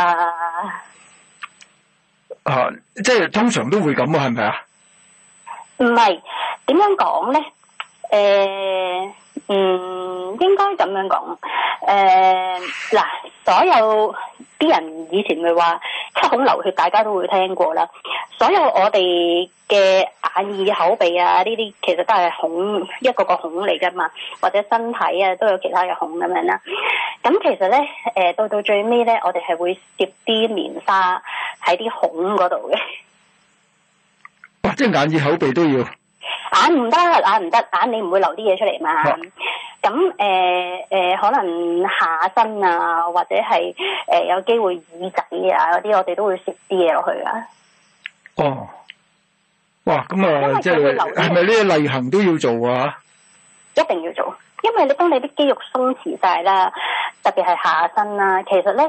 啊，即係通常都會咁啊，係咪啊？唔係，點樣講咧？誒、呃，嗯，應該咁樣講。誒，嗱，所有啲人以前咪話七孔流血，大家都會聽過啦。所有我哋嘅眼耳口鼻啊，呢啲其實都係孔，一個個孔嚟噶嘛。或者身體啊，都有其他嘅孔咁樣啦。咁、嗯、其實咧，誒、呃，到到最尾咧，我哋係會攝啲棉花喺啲孔嗰度嘅。即係眼耳口鼻都要。眼唔得，眼唔得，眼、啊、你唔會留啲嘢出嚟嘛？咁誒誒，可能下身啊，或者係誒有機會耳仔啊嗰啲，我哋都會攝啲嘢落去啊。哦，哇，咁啊，即係係咪呢個例行都要做啊？一定要做，因為你當你啲肌肉鬆弛晒啦，特別係下身啦，其實咧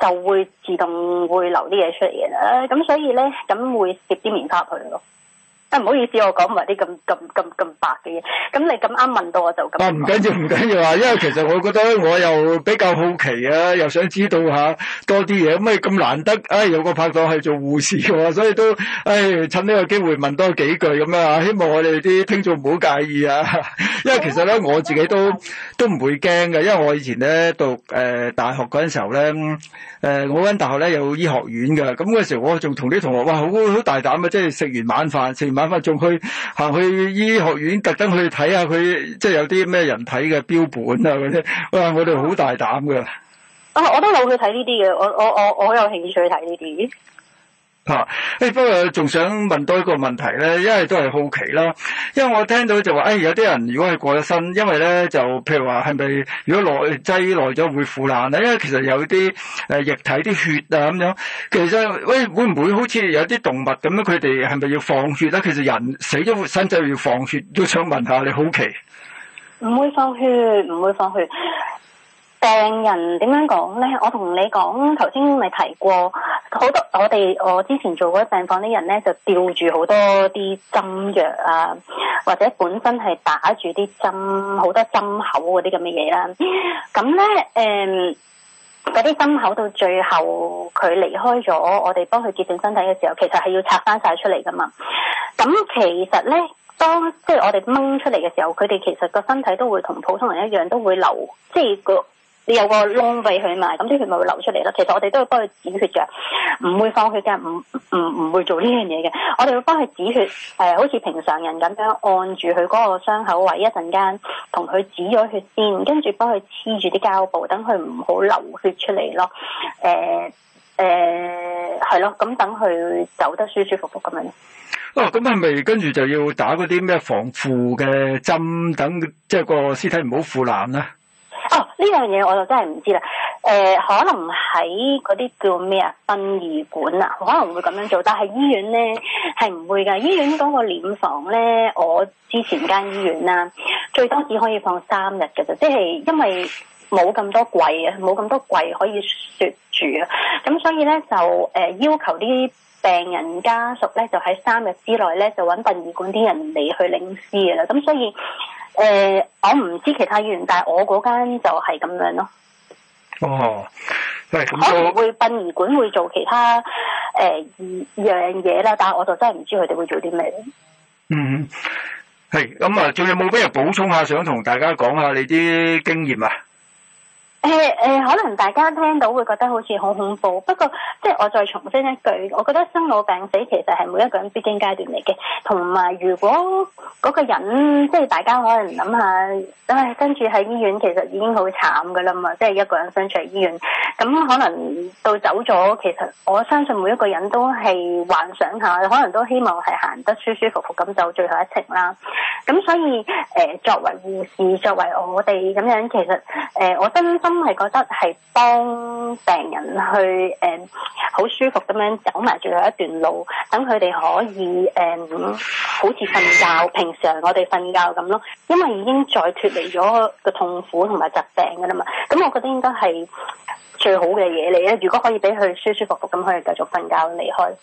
就會自動會留啲嘢出嚟，嘅、啊。咁所以咧咁會攝啲棉花落去咯。誒，唔好意思，我講埋啲咁咁咁咁白嘅嘢。咁你咁啱問到我就咁。啊，唔緊要唔緊要啊，因為其實我覺得我又比較好奇啊，又想知道下、啊、多啲嘢。咁啊咁難得，唉、哎、有個拍檔係做護士喎、啊，所以都唉、哎、趁呢個機會問多幾句咁啊。希望我哋啲聽眾唔好介意啊。因為其實咧我自己都都唔會驚㗎，因為我以前咧讀誒大學嗰陣時候咧，誒我間大學咧有醫學院㗎。咁嗰陣時候我仲同啲同學哇，好好大膽啊，即係食完晚飯仲去行去醫學院，特登去睇下佢，即係有啲咩人體嘅標本啊！嗰啲哇，我哋好大膽㗎。啊！我都冇去睇呢啲嘅，我我我我好有興趣去睇呢啲。吓！誒、哎，不過仲想問多一個問題咧，因為都係好奇啦。因為我聽到就話，誒、哎，有啲人如果係過咗身，因為咧就譬如話係咪如果耐滯耐咗會腐爛啊？因為其實有啲誒液體啲血啊咁樣。其實誒、哎、會唔會好似有啲動物咁樣？佢哋係咪要放血咧？其實人死咗身就要放血，都想問下你好奇。唔會放血，唔會放血。病人點樣講呢？我同你講，頭先咪提過好多，我哋我之前做過病房啲人呢，就吊住好多啲針藥啊，或者本身係打住啲針，好多針口嗰啲咁嘅嘢啦。咁呢，誒、嗯，嗰啲針口到最後佢離開咗，我哋幫佢潔淨身體嘅時候，其實係要拆翻晒出嚟噶嘛。咁其實呢，當即係我哋掹出嚟嘅時候，佢哋其實個身體都會同普通人一樣，都會流即係個。你有個窿俾佢埋，咁啲血咪會流出嚟咯。其實我哋都會幫佢止血嘅，唔會放血嘅，唔唔唔會做呢樣嘢嘅。我哋會幫佢止血，誒、呃，好似平常人咁樣按住佢嗰個傷口位，一陣間同佢止咗血先，跟住幫佢黐住啲膠布，等佢唔好流血出嚟咯。誒、呃、誒，係、呃、咯，咁等佢走得舒舒服服咁樣。哦、啊，咁係咪跟住就要打嗰啲咩防腐嘅針，等即係個屍體唔好腐爛咧、啊？哦，呢樣嘢我就真係唔知啦。誒、呃，可能喺嗰啲叫咩啊殯儀館啊，可能會咁樣做。但係醫院呢，係唔會噶，醫院嗰個殮房呢，我之前間醫院啦、啊，最多只可以放三日嘅啫，即、就、係、是、因為冇咁多櫃啊，冇咁多櫃可以雪住啊，咁所以呢，就誒、呃、要求啲。病人家屬咧就喺三日之內咧就揾殯儀館啲人嚟去領屍嘅啦，咁所以誒、呃、我唔知其他醫院，但係我嗰間就係咁樣咯。哦，係會殯儀館會做其他誒、呃、樣嘢啦，但係我就真係唔知佢哋會做啲咩。嗯，係咁啊，仲有冇咩補充下？想同大家講下你啲經驗啊？誒誒、欸欸，可能大家聽到會覺得好似好恐怖，不過即係我再重申一句，我覺得生老病死其實係每一個人必經階段嚟嘅。同埋如果嗰個人即係大家可能諗下，唉跟住喺醫院其實已經好慘噶啦嘛，即係一個人身處醫院，咁可能到走咗，其實我相信每一個人都係幻想下，可能都希望係行得舒舒服服咁走最後一程啦。咁所以誒、欸，作為護士，作為我哋咁樣，其實誒、欸、我真心。真係覺得係幫病人去誒好、嗯、舒服咁樣走埋最後一段路，等佢哋可以誒、嗯、好似瞓覺，平常我哋瞓覺咁咯。因為已經再脱離咗個痛苦同埋疾病噶啦嘛，咁我覺得應該係最好嘅嘢嚟咧。如果可以俾佢舒舒服服咁可以繼續瞓覺離開。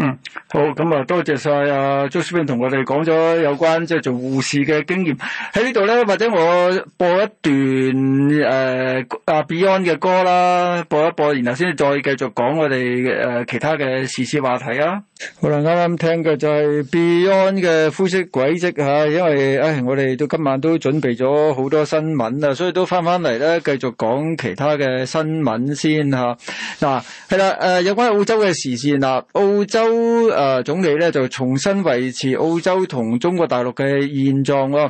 嗯，好，咁啊，多謝晒阿張書炳同我哋講咗有關即係、就是、做護士嘅經驗。喺呢度咧，或者我播一段誒阿、呃啊、Beyond 嘅歌啦，播一播，然後先再繼續講我哋誒、呃、其他嘅時事話題啊。好啦，啱啱聽嘅就係 Beyond 嘅灰色軌跡吓、啊，因為誒、哎、我哋都今晚都準備咗好多新聞啊，所以都翻翻嚟咧，繼續講其他嘅新聞先吓。嗱係啦，誒、啊、有關澳洲嘅時事嗱、啊，澳洲誒、啊、總理咧就重申維持澳洲同中國大陸嘅現狀嗱、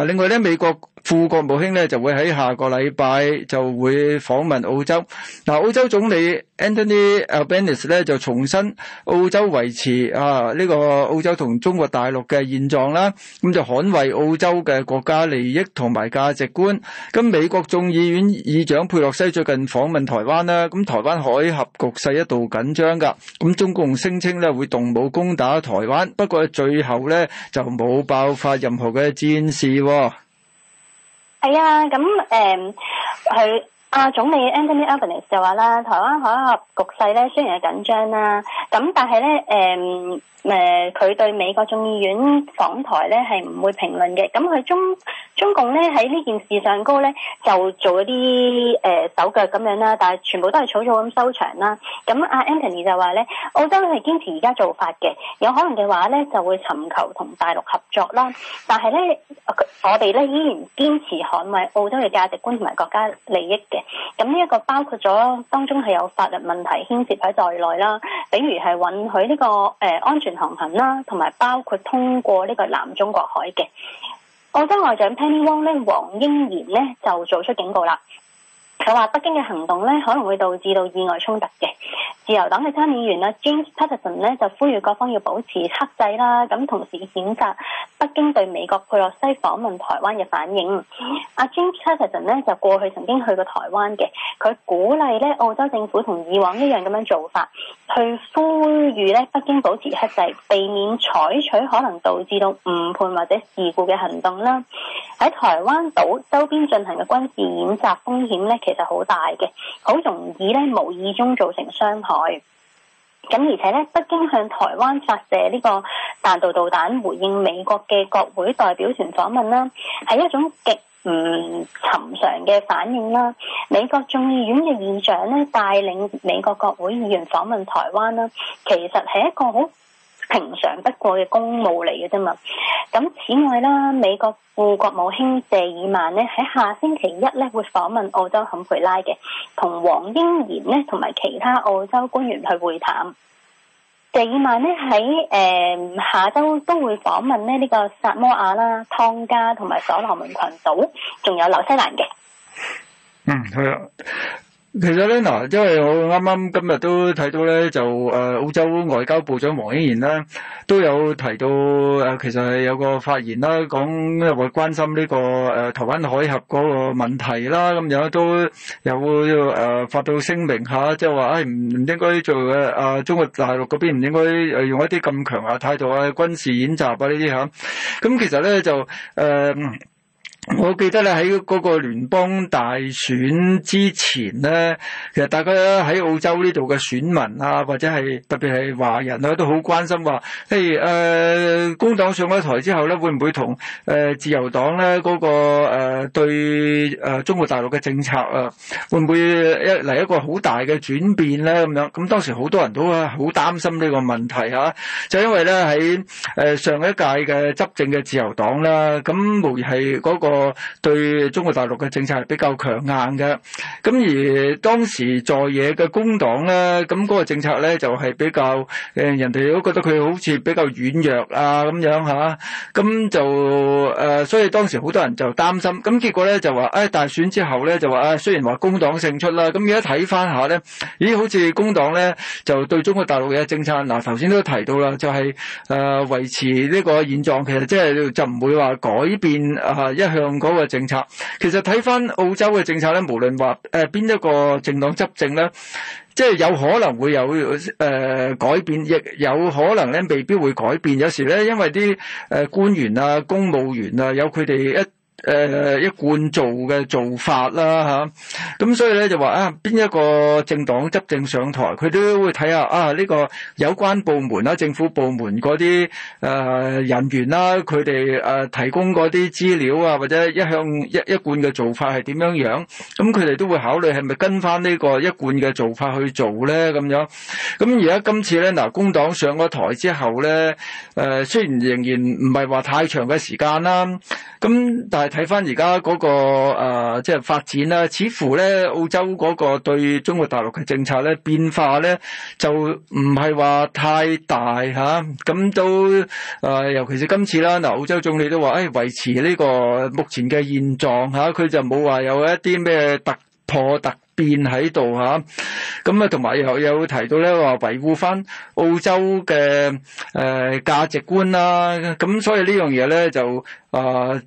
啊，另外咧，美國副國務卿咧就會喺下個禮拜就會訪問澳洲。嗱、啊，澳洲總理。Anthony Albanese 咧就重申澳洲維持啊呢個澳洲同中國大陸嘅現狀啦，咁就捍衞澳洲嘅國家利益同埋價值觀。咁美國眾議院議長佩洛西最近訪問台灣啦，咁台灣海峽局勢一度緊張噶，咁中共聲稱咧會動武攻打台灣，不過最後咧就冇爆發任何嘅戰事，哦。係啊，咁誒佢。嗯啊，總理 Anthony Albanese 就話啦，台灣海峽局勢咧雖然係緊張啦，咁但係咧誒誒，佢、嗯呃、對美國眾議院訪台咧係唔會評論嘅。咁佢中中共咧喺呢件事上高咧就做一啲誒、呃、手腳咁樣啦，但係全部都係草草咁收場啦。咁阿、啊、Anthony 就話咧，澳洲係堅持而家做法嘅，有可能嘅話咧就會尋求同大陸合作啦，但係咧我哋咧依然堅持捍衞澳洲嘅價值觀同埋國家利益嘅。咁呢一個包括咗當中係有法律問題牽涉喺在，在內啦，比如係允許呢、這個誒、呃、安全航行啦，同埋包括通過呢個南中國海嘅。澳洲外長 Penny Wong 咧，黃英賢咧就做出警告啦。佢話北京嘅行動咧，可能會導致到意外衝突嘅。自由黨嘅參議員啦，James Paterson 咧就呼籲各方要保持克制啦。咁同時譴責北京對美國佩洛西訪問台灣嘅反應。阿 James Paterson 咧就過去曾經去過台灣嘅，佢鼓勵咧澳洲政府同以往一樣咁樣做法，去呼籲咧北京保持克制，避免採取可能導致到誤判或者事故嘅行動啦。喺台灣島周邊進行嘅軍事演習風險咧，其就好大嘅，好容易咧，無意中造成傷害。咁而且咧，北京向台灣發射呢個彈道導彈，回應美國嘅國會代表團訪問啦，係一種極唔尋常嘅反應啦。美國眾議院嘅議長咧，帶領美國國會議員訪問台灣啦，其實係一個好平常不過嘅公務嚟嘅啫嘛。咁此外啦，美國副國務卿謝爾曼呢，喺下星期一咧，會訪問澳洲坎培拉嘅，同黃英賢呢同埋其他澳洲官員去會談。謝爾曼呢，喺誒下周都會訪問咧呢個薩摩亞啦、湯加同埋所羅門群島，仲有紐西蘭嘅。嗯，係啊。其實咧嗱，因為我啱啱今日都睇到咧，就誒、呃，澳洲外交部長黃英賢咧都有提到誒、呃，其實係有個發言啦，講即係話關心呢、這個誒、呃、台灣海峽嗰個問題啦，咁有都有誒、呃、發到聲明下，即係話誒唔唔應該做嘅，阿、啊、中國大陸嗰邊唔應該誒用一啲咁強硬態度啊、軍事演習啊呢啲吓，咁、啊嗯、其實咧就誒。呃我記得咧喺嗰個聯邦大選之前咧，其實大家喺澳洲呢度嘅選民啊，或者係特別係華人啊，都好關心話，譬如誒工黨上咗台之後咧，會唔會同誒自由黨咧嗰個誒、呃、對誒中國大陸嘅政策啊，會唔會一嚟一個好大嘅轉變咧咁樣？咁當時好多人都啊好擔心呢個問題吓、啊，就因為咧喺誒上一屆嘅執政嘅自由黨啦，咁無疑係嗰個。個對中國大陸嘅政策係比較強硬嘅，咁而當時在野嘅工黨咧，咁嗰個政策咧就係、是、比較誒、呃，人哋都覺得佢好似比較軟弱啊咁樣吓，咁、啊嗯、就誒、呃，所以當時好多人就擔心，咁、啊、結果咧就話誒、哎、大選之後咧就話誒、哎，雖然話工黨勝出啦，咁而家睇翻下咧，咦好似工黨咧就對中國大陸嘅政策，嗱頭先都提到啦，就係、是、誒、呃、維持呢個現狀，其實即係就唔會話改變啊一向。用嗰、嗯那個政策，其實睇翻澳洲嘅政策咧，無論話誒邊一個政黨執政咧，即係有可能會有誒、呃、改變，亦有可能咧未必會改變。有時咧，因為啲誒、呃、官員啊、公務員啊，有佢哋一，誒、呃、一貫做嘅做法啦嚇，咁、啊、所以咧就話啊，邊一個政黨執政上台，佢都會睇下啊呢、呢個有關部門啦、政府部門嗰啲誒人員啦、啊，佢哋誒提供嗰啲資料啊，或者一向一一貫嘅做法係點樣樣，咁佢哋都會考慮係咪跟翻呢個一貫嘅做法去做咧咁樣。咁而家今次咧，嗱、呃、工黨上咗台之後咧，誒、呃、雖然仍然唔係話太長嘅時間啦，咁、啊、但係。睇翻而家嗰個、呃、即係發展啦，似乎咧澳洲嗰個對中國大陸嘅政策咧變化咧，就唔係話太大嚇。咁、啊、都誒、呃，尤其是今次啦，嗱、呃、澳洲總理都話誒、哎、維持呢個目前嘅現狀嚇，佢、啊、就冇話有，有一啲咩突破突變喺度嚇。咁啊，同埋又又提到咧話維護翻澳洲嘅誒、呃、價值觀啦。咁、啊、所以呢樣嘢咧就誒。呃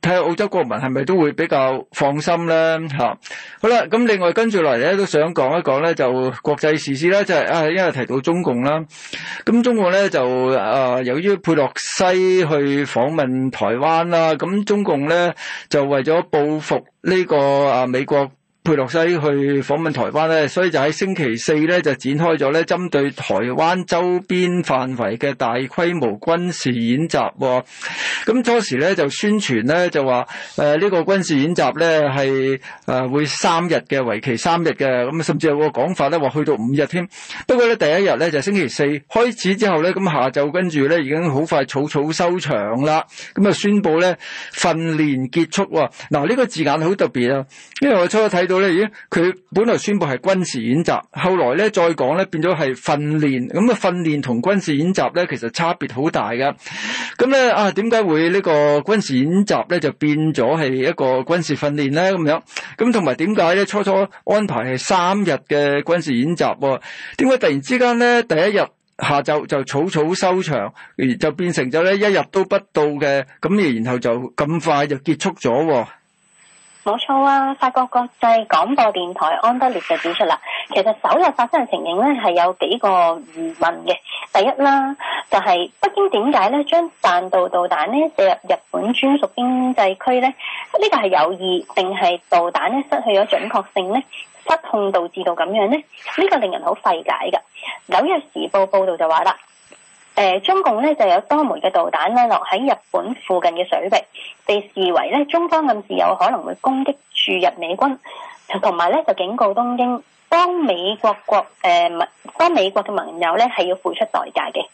睇下澳洲國民係咪都會比較放心咧嚇？好啦，咁另外跟住落嚟咧都想講一講咧，就國際時事咧，就係啊，因為提到中共啦，咁中共咧就啊由於佩洛西去訪問台灣啦，咁中共咧就為咗報復呢個啊美國。佩洛西去訪問台灣咧，所以就喺星期四咧就展開咗咧針對台灣周邊範圍嘅大規模軍事演習、哦，咁、嗯、初時咧就宣傳咧就話誒呢個軍事演習咧係誒會三日嘅為期三日嘅，咁甚至有個講法咧話去到五日添。不過咧第一日咧就星期四開始之後咧，咁、嗯、下晝跟住咧已經好快草草收場啦。咁、嗯、啊宣佈咧訓練結束、哦。嗱呢個字眼好特別啊，因為我初初睇到。佢本來宣佈係軍事演習，後來咧再講咧變咗係訓練，咁啊訓練同軍事演習咧其實差別好大噶。咁咧啊，點解會呢個軍事演習咧就變咗係一個軍事訓練咧？咁樣咁同埋點解咧初初安排係三日嘅軍事演習，點解突然之間咧第一日下晝就草草收場，就變成咗咧一日都不到嘅，咁然後就咁快就結束咗。冇錯啊！法國國際廣播電台安德烈就指出啦，其實首日發生嘅情形咧，係有幾個疑問嘅。第一啦，就係、是、北京點解咧將彈道導彈呢射入日本專屬經濟區呢？呢個係有意定係導彈咧失去咗準確性呢？失控導致到咁樣呢？呢、呢個令人好費解㗎。紐約時報報道就話啦。誒、呃，中共咧就有多枚嘅導彈咧落喺日本附近嘅水域，被視為咧中方暗示有可能會攻擊駐日美軍，同埋咧就警告東京，幫美國國誒盟，幫、呃、美國嘅盟友咧係要付出代價嘅。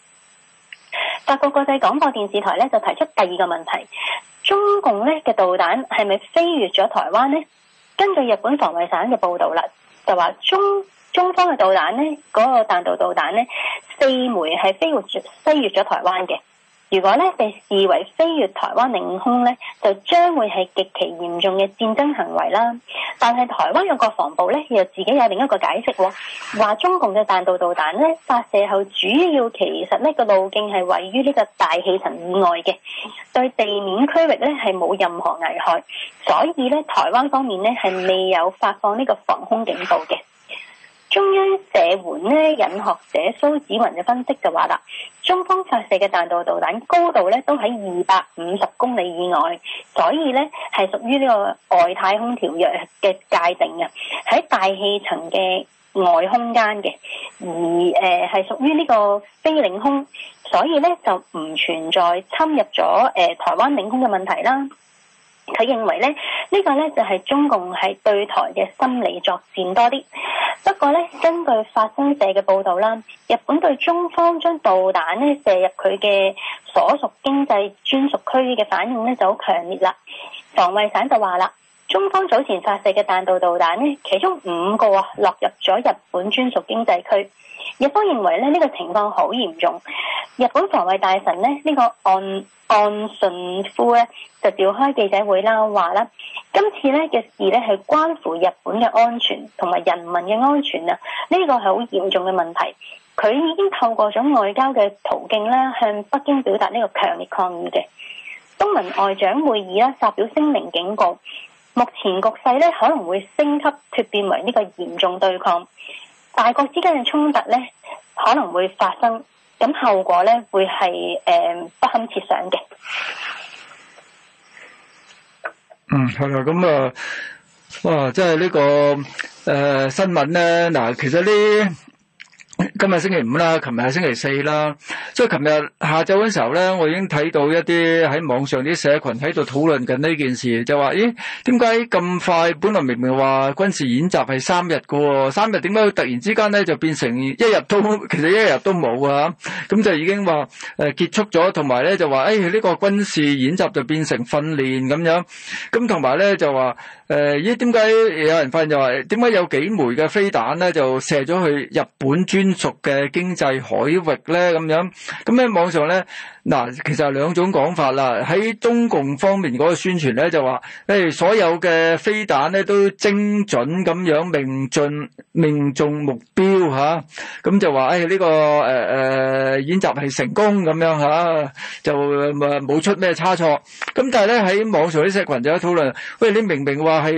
法國國際廣播電視台咧就提出第二個問題：中共咧嘅導彈係咪飛越咗台灣咧？根據日本防衛省嘅報道啦，就話中。中方嘅導彈呢，嗰個彈道導彈呢，四枚係飛越咗飛越咗台灣嘅。如果咧被視為飛越台灣領空呢，就將會係極其嚴重嘅戰爭行為啦。但係台灣嘅國防部咧又自己有另一個解釋、哦，話中共嘅彈道導彈呢，發射後主要其實呢個路徑係位於呢個大氣層以外嘅，對地面區域咧係冇任何危害，所以咧台灣方面呢，係未有發放呢個防空警報嘅。中央社援咧引學者蘇紫雲嘅分析就話啦，中方發射嘅彈道導彈高度咧都喺二百五十公里以外，所以咧係屬於呢個外太空條約嘅界定嘅，喺大氣層嘅外空間嘅，而誒係、呃、屬於呢個非領空，所以咧就唔存在侵入咗誒、呃、台灣領空嘅問題啦。佢認為咧，呢個咧就係中共係對台嘅心理作戰多啲。不過咧，根據法新社嘅報導啦，日本對中方將導彈咧射入佢嘅所屬經濟專屬區嘅反應咧就好強烈啦。防衞省就話啦。中方早前發射嘅彈道導彈咧，其中五個啊落入咗日本專屬經濟區。日方認為咧呢個情況好嚴重。日本防衛大臣咧呢個岸岸信夫咧就召開記者會啦，話啦今次咧嘅事咧係關乎日本嘅安全同埋人民嘅安全啊！呢個係好嚴重嘅問題。佢已經透過咗外交嘅途徑咧向北京表達呢個強烈抗議嘅。東盟外長會議啦發表聲明警告。目前局勢咧可能會升級脫變為呢個嚴重對抗，大國之間嘅衝突咧可能會發生，咁後果咧會係誒不堪設想嘅。嗯，係、嗯、啊，咁、嗯、啊，哇，即係、這個呃、呢個誒新聞咧，嗱，其實呢。今日星期五啦，琴日係星期四啦，所以琴日下晝嗰時候咧，我已經睇到一啲喺網上啲社群喺度討論緊呢件事，就話咦點解咁快？本來明明話軍事演習係三日噶，三日點解突然之間咧就變成一日都，其實一日都冇啊？咁就已經話誒結束咗，同埋咧就話誒呢個軍事演習就變成訓練咁樣，咁同埋咧就話。誒，咦點解有人發現就話，點解有幾枚嘅飛彈咧就射咗去日本專屬嘅經濟海域咧？咁樣咁喺網上咧。嗱，其實係兩種講法啦，喺中共方面個宣傳咧就話誒、欸、所有嘅飛彈咧都精準咁樣命中命中目標吓咁、啊嗯、就話誒呢個誒誒、呃、演習係成功咁樣吓、啊、就誒冇、呃、出咩差錯咁、嗯、但係咧喺網上啲社群就有討論喂，你明明話係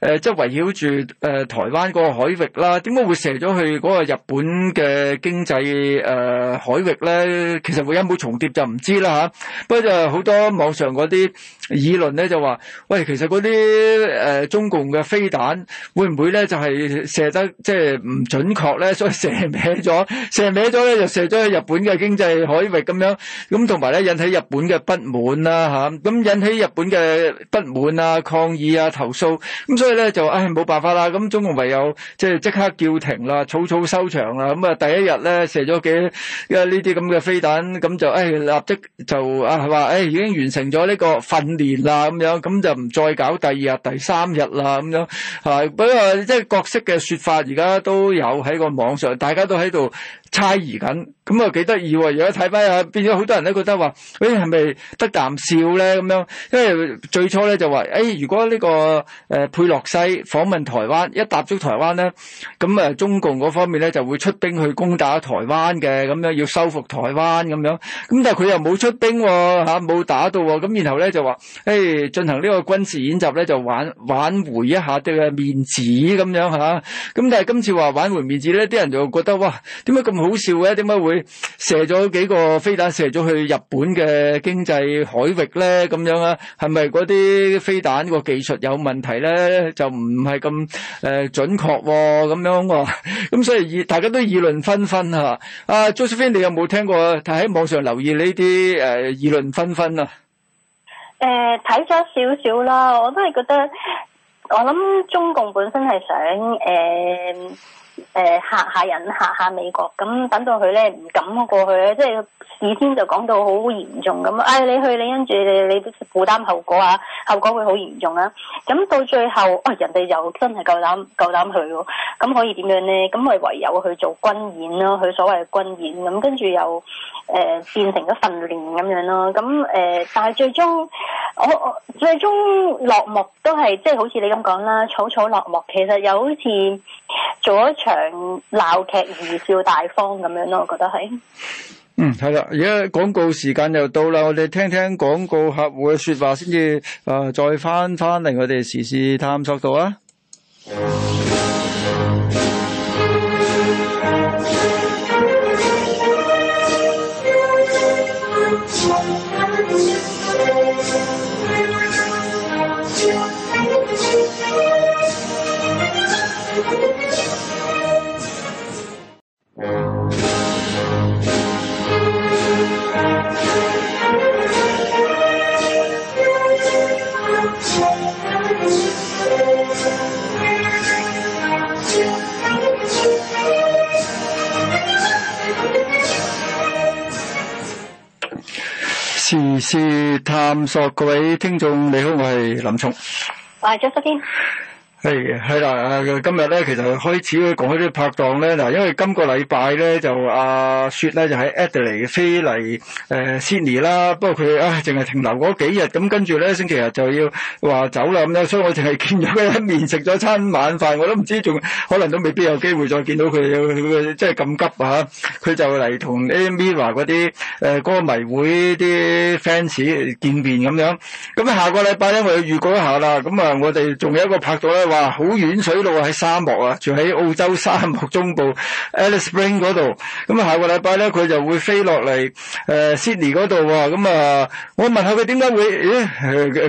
誒即係圍繞住誒台灣個海域啦，點解會射咗去個日本嘅經濟誒、呃、海域咧？其實會有冇重疊就？唔知啦吓，不過就好多網上啲議論咧，就話喂，其實啲誒、呃、中共嘅飛彈會唔會咧就係、是、射得即係唔準確咧，所以射歪咗，射歪咗咧就射咗去日本嘅經濟海域咁樣，咁同埋咧引起日本嘅不滿啦吓，咁引起日本嘅不滿啊，抗議啊投訴咁、啊、所以咧就誒冇、哎、辦法啦，咁、啊、中共唯有、就是、即係即刻叫停啦，草草收場啦，咁啊，啊第一日咧射咗幾因為呢啲咁嘅飛彈咁就誒。嗱、啊。啊啊啊啊即就啊，係話誒已經完成咗呢個訓練啦，咁樣咁就唔再搞第二日、第三日啦，咁樣係不過即係角色嘅說法，而家都有喺個網上，大家都喺度猜疑緊，咁啊幾得意喎！而家睇翻啊，變咗好多人都覺得話：誒係咪得啖笑咧？咁樣，因為最初咧就話：誒、欸、如果呢、這個誒、呃、佩洛西訪問台灣，一踏足台灣咧，咁、嗯、啊中共嗰方面咧就會出兵去攻打台灣嘅，咁樣要收復台灣咁樣。咁但係佢又冇出兵喎、哦，冇、啊、打到喎。咁、啊、然後咧就話：誒、欸、進行呢個軍事演習咧，就挽挽回一下對嘅面子咁樣嚇。咁、啊、但係今次話挽回面子咧，啲人就覺得：哇，點解咁？好笑嘅，點解會射咗幾個飛彈射咗去日本嘅經濟海域咧？咁樣啊，係咪嗰啲飛彈個技術有問題咧？就唔係咁誒準確喎，咁樣喎。咁所以大家都議論紛紛啊。啊，Josephine，你有冇聽過？睇喺網上留意呢啲誒議論紛紛啊？誒，睇咗少少啦，我都係覺得，我諗中共本身係想誒。誒、呃、嚇下人，嚇下美國，咁、嗯、等到佢咧唔敢過去咧，即係事先就講到好嚴重咁。哎，你去你跟住你你負擔後果啊，後果會好嚴重啦。咁、嗯、到最後，哦，人哋又真係夠膽夠膽去喎。咁、嗯、可以點樣咧？咁、嗯、咪唯有去做軍演咯，佢所謂嘅軍演咁跟住又誒、呃、變成咗訓練咁樣咯。咁、嗯、誒、呃，但係最終我，我最終落幕都係即係好似你咁講啦，草草落幕。其實又好似做咗場鬧劇，貽笑大方咁樣咯，我覺得係。嗯，係啦，而家廣告時間又到啦，我哋聽聽廣告客戶嘅說話先至，啊、呃，再翻翻嚟我哋時事探索到啊。時事探索，各位聽眾，你好，我係林松。喂，Jessica。 (noise) 係，係啦、hey,，今日咧，其實開始講開啲拍檔咧。嗱，因為今個禮拜咧就阿、啊、雪咧就喺 Adelaide 飛嚟誒悉尼啦，不過佢啊淨係停留嗰幾日，咁跟住咧星期日就要話走啦咁樣，所以我淨係見咗佢一面，食咗餐晚飯，我都唔知仲可能都未必有機會再見到佢，即係咁急啊！佢就嚟同 Mirror 嗰啲誒歌迷會啲 fans 見面咁樣。咁下個禮拜因咧，要預告一下啦。咁啊，我哋仲有一個拍檔咧。哇！好遠水路喺沙漠啊，住喺澳洲沙漠中部 Alice Springs 嗰度。咁、嗯、啊，下個禮拜咧佢就會飛落嚟誒 Sydney 嗰度啊。咁、呃嗯、啊，我問下佢點解會？咦，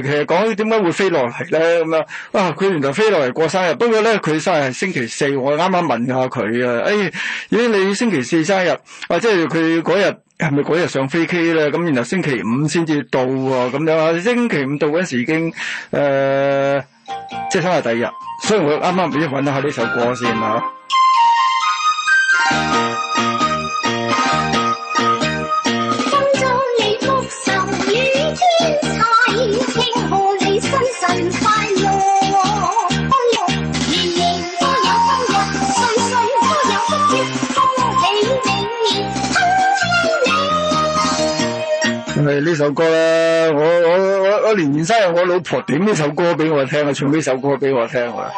其實講點解會飛落嚟咧？咁、嗯、啊，啊，佢原來飛落嚟過生日。不過咧，佢生日係星期四，我啱啱問下佢啊。哎，咦，你星期四生日？啊，即係佢嗰日係咪嗰日上飛機咧？咁、嗯、然後星期五先至到喎。咁樣啊，星期五到嗰時已經誒。呃即係今日第二日，所以我啱啱畀你揾咗下呢首歌先啊。今朝你福壽與天齊，慶賀你新辰快樂。年年多有，日隨隨都有風調，歲歲多有豐年，恭喜你，恭喜你。係呢首歌咧，啊哦年年生日，我老婆點呢首歌俾我聽啊！唱呢首歌俾我聽啊！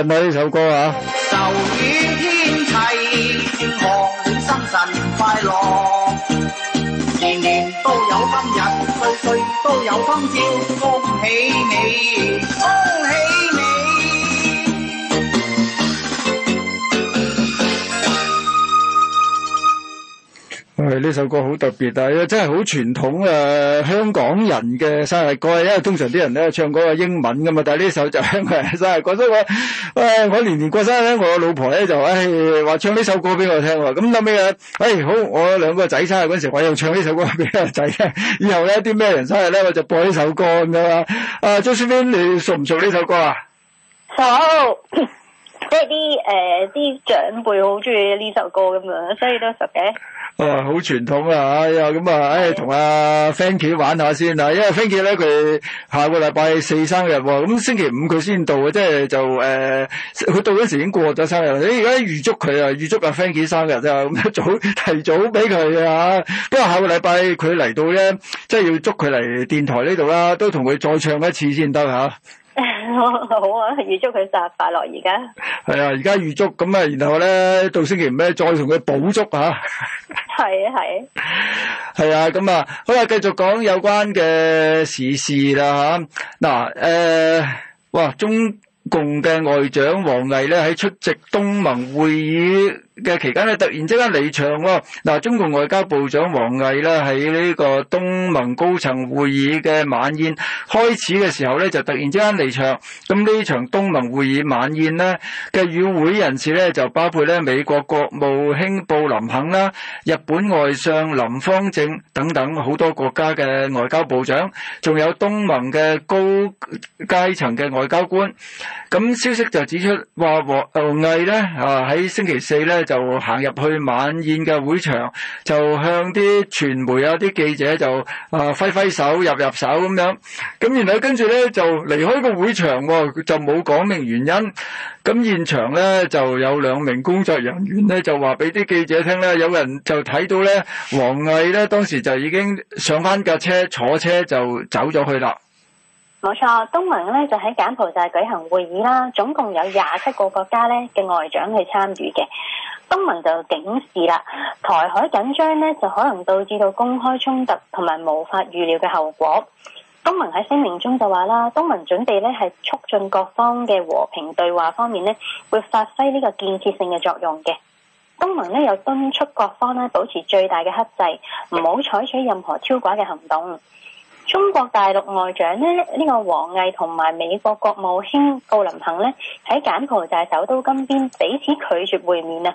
聽唔聽呢首歌啊？愁與天齊，望你生辰快樂，年年都有今日，歲歲都有今朝。呢首歌好特別啊！真係好傳統啊，香港人嘅生日歌。因為通常啲人咧唱嗰個英文噶嘛，但係呢首就香港人嘅生日歌。所以我，哎、我年年過生日咧，我老婆咧就誒話、哎、唱呢首歌俾我聽。咁後尾啊，誒、哎、好，我兩個仔生日嗰陣時，我又唱呢首歌俾個仔聽。以後咧啲咩人生日咧，我就播呢首歌咁啦。啊，張師妹，你熟唔熟呢首歌啊？熟，即係啲誒啲長輩好中意呢首歌咁樣，所以都熟嘅。好傳、哦、統啊！哎、嗯、呀，咁啊，誒、啊，同阿 Frankie 玩下先啊。因為 Frankie 咧佢下個禮拜四生日喎，咁、啊、星期五佢先到啊，即係就誒，佢、啊、到嗰時已經過咗生日啦，你而家預祝佢啊，預祝阿 Frankie 生日啊，咁、啊、早提早俾佢啊，不、啊、過下個禮拜佢嚟到咧，即、啊、係、就是、要祝佢嚟電台呢度啦，都同佢再唱一次先得吓。啊。好啊，預祝佢生日快樂！而家係啊，而家預祝咁啊，然後咧，到星期五咧再同佢補祝吓。係啊係。係啊，咁啊，好啦，繼續講有關嘅時事啦吓。嗱，誒，哇，中共嘅外長王毅咧喺出席東盟會議。嘅期間咧，突然之間離場，嗱，中共外交部長王毅咧，喺呢個東盟高層會議嘅晚宴開始嘅時候咧，就突然之間離場，咁呢場東盟會議晚宴咧嘅與會人士咧，就包括咧美國國務卿布林肯啦、日本外相林芳正等等好多國家嘅外交部長，仲有東盟嘅高階層嘅外交官。咁消息就指出話王王毅咧啊喺星期四咧。就行入去晚宴嘅會場，就向啲傳媒啊、啲記者就啊揮揮手、入入手咁樣，咁然後跟住咧就離開個會場，哦、就冇講明原因。咁現場咧就有兩名工作人員咧就話俾啲記者聽咧，有人就睇到咧王毅咧當時就已經上翻架車，坐車就走咗去啦。冇錯，東盟咧就喺柬埔寨舉行會議啦，總共有廿七個國家咧嘅外長去參與嘅。東盟就警示啦，台海緊張咧就可能導致到公開衝突同埋無法預料嘅後果。東盟喺聲明中就話啦，東盟準備咧係促進各方嘅和平對話方面咧，會發揮呢個建設性嘅作用嘅。東盟咧又敦促各方咧保持最大嘅克制，唔好採取任何挑釁嘅行動。中國大陸外長咧，呢個王毅同埋美國國務卿奧林肯咧，喺柬埔寨首都金邊彼此拒絕會面啊，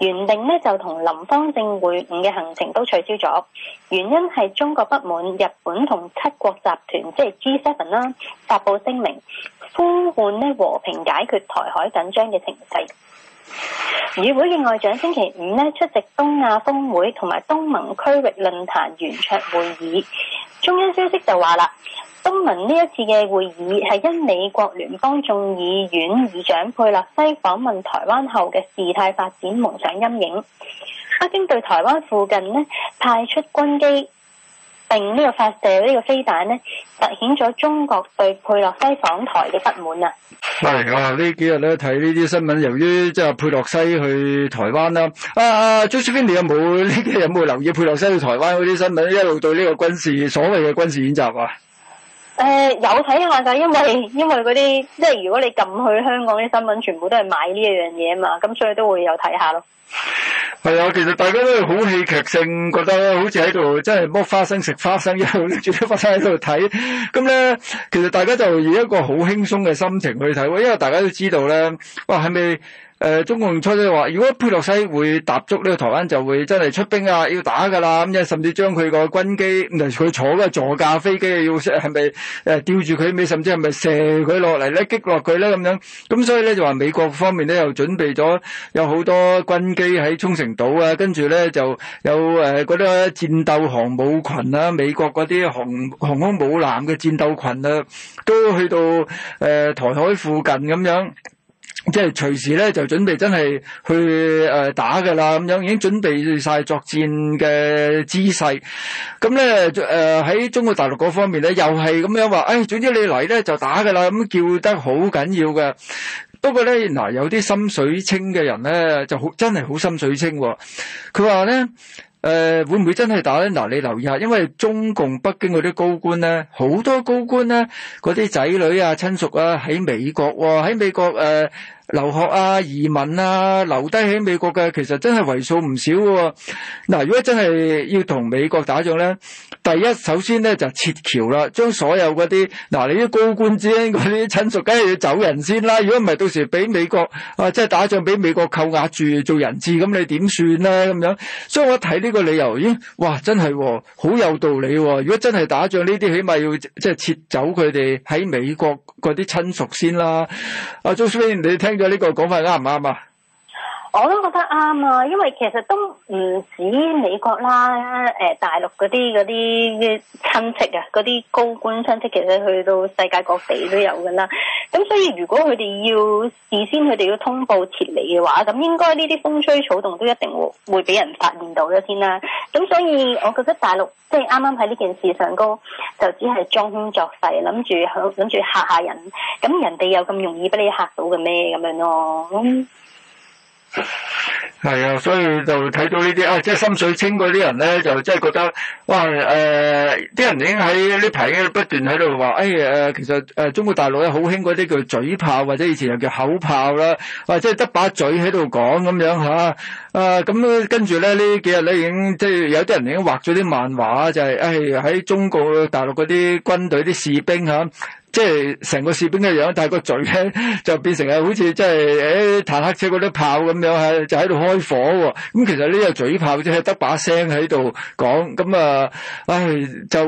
原定呢就同林芳正會晤嘅行程都取消咗，原因係中國不滿日本同七國集團，即係 G seven 啦，發佈聲明，呼喚咧和平解決台海緊張嘅情勢。與會嘅外長星期五咧出席東亞峰會，同埋東盟區域論壇圓桌會議。中央消息就話啦，東盟呢一次嘅會議係因美國聯邦眾議院議長佩勒西訪問台灣後嘅事態發展蒙上陰影。北京對台灣附近咧派出軍機。並呢個發射呢個飛彈咧，凸顯咗中國對佩洛西訪台嘅不滿啦。係、哎，哇！呢幾日咧睇呢啲新聞，由於即係佩洛西去台灣啦。啊啊 j o 你有冇呢？有冇留意佩洛西去台灣嗰啲新聞？一路對呢個軍事所謂嘅軍事演習啊？誒、哎，有睇下噶，因為因為嗰啲即係如果你撳去香港啲新聞，全部都係買呢一樣嘢啊嘛，咁所以都會有睇下咯。係啊，其實大家都係好戲劇性，覺得好似喺度真係剝花生食花生，然後住啲花生喺度睇。咁咧，其實大家就以一個好輕鬆嘅心情去睇，因為大家都知道咧，哇係咪？是誒、呃、中共初咧話，如果佩洛西會踏足呢、這個台灣，就會真係出兵啊，要打㗎啦。咁即係甚至將佢個軍機，佢坐嘅座駕飛機，要係咪誒吊住佢尾，甚至係咪、呃、射佢落嚟咧，擊落佢咧咁樣。咁所以咧就話美國方面咧又準備咗有好多軍機喺沖繩島啊，跟住咧就有誒嗰啲戰鬥航母群啦、啊，美國嗰啲航航空母艦嘅戰鬥群啊，都去到誒、呃、台海附近咁樣。即係隨時咧就準備真係去誒、呃、打㗎啦，咁樣已經準備晒作戰嘅姿勢。咁咧誒喺中國大陸嗰方面咧，又係咁樣話，誒、哎、總之你嚟咧就打㗎啦，咁叫得好緊要嘅。不過咧嗱，有啲心水清嘅人咧就好真係好心水清喎，佢話咧。誒、呃，會唔會真係打咧？嗱，你留意下，因為中共北京嗰啲高官咧，好多高官咧，嗰啲仔女啊、親屬啊，喺美國喎、啊，喺美國誒、啊。留學啊、移民啊、留低喺美國嘅，其實真係為數唔少喎。嗱，如果真係要同美國打仗咧，第一首先咧就撤僑啦，將所有嗰啲嗱你啲高官之類嗰啲親屬，梗係要走人先啦。如果唔係，到時俾美國啊，即係打仗俾美國扣押住做人質，咁你點算咧？咁樣，所以我睇呢個理由，已經，哇，真係喎，好有道理喎。如果真係打仗呢啲，起碼要即係撤走佢哋喺美國嗰啲親屬先啦。阿周 Sir，你聽。呢個講法啱唔啱啊？我都覺得啱啊，因為其實都唔止美國啦，誒、呃、大陸嗰啲嗰啲親戚啊，嗰啲高官親戚其實去到世界各地都有噶啦。咁所以如果佢哋要事先佢哋要通報撤離嘅話，咁應該呢啲風吹草動都一定會會俾人發現到嘅先啦。咁所以我覺得大陸即係啱啱喺呢件事上高就只係裝腔作勢，諗住諗住嚇下人，咁人哋有咁容易俾你嚇到嘅咩咁樣咯、啊？係啊，所以就睇到呢啲啊，即係心水清嗰啲人咧，就真係覺得哇誒，啲、呃、人已經喺呢排不斷喺度話，誒、哎、誒、呃，其實誒、呃、中國大陸咧好興嗰啲叫嘴炮，或者以前又叫口炮啦，或者係得把嘴喺度講咁樣吓啊，咁、啊嗯、跟住咧呢幾日咧已經即係有啲人已經畫咗啲漫畫，就係誒喺中國大陸嗰啲軍隊啲士兵吓。啊即係成個士兵嘅樣，但係個嘴咧就變成係好似即係誒坦克車啲炮咁樣係就喺度開火喎、哦。咁其實呢個嘴炮、哎嗯、即係得把聲喺度講咁啊，唉就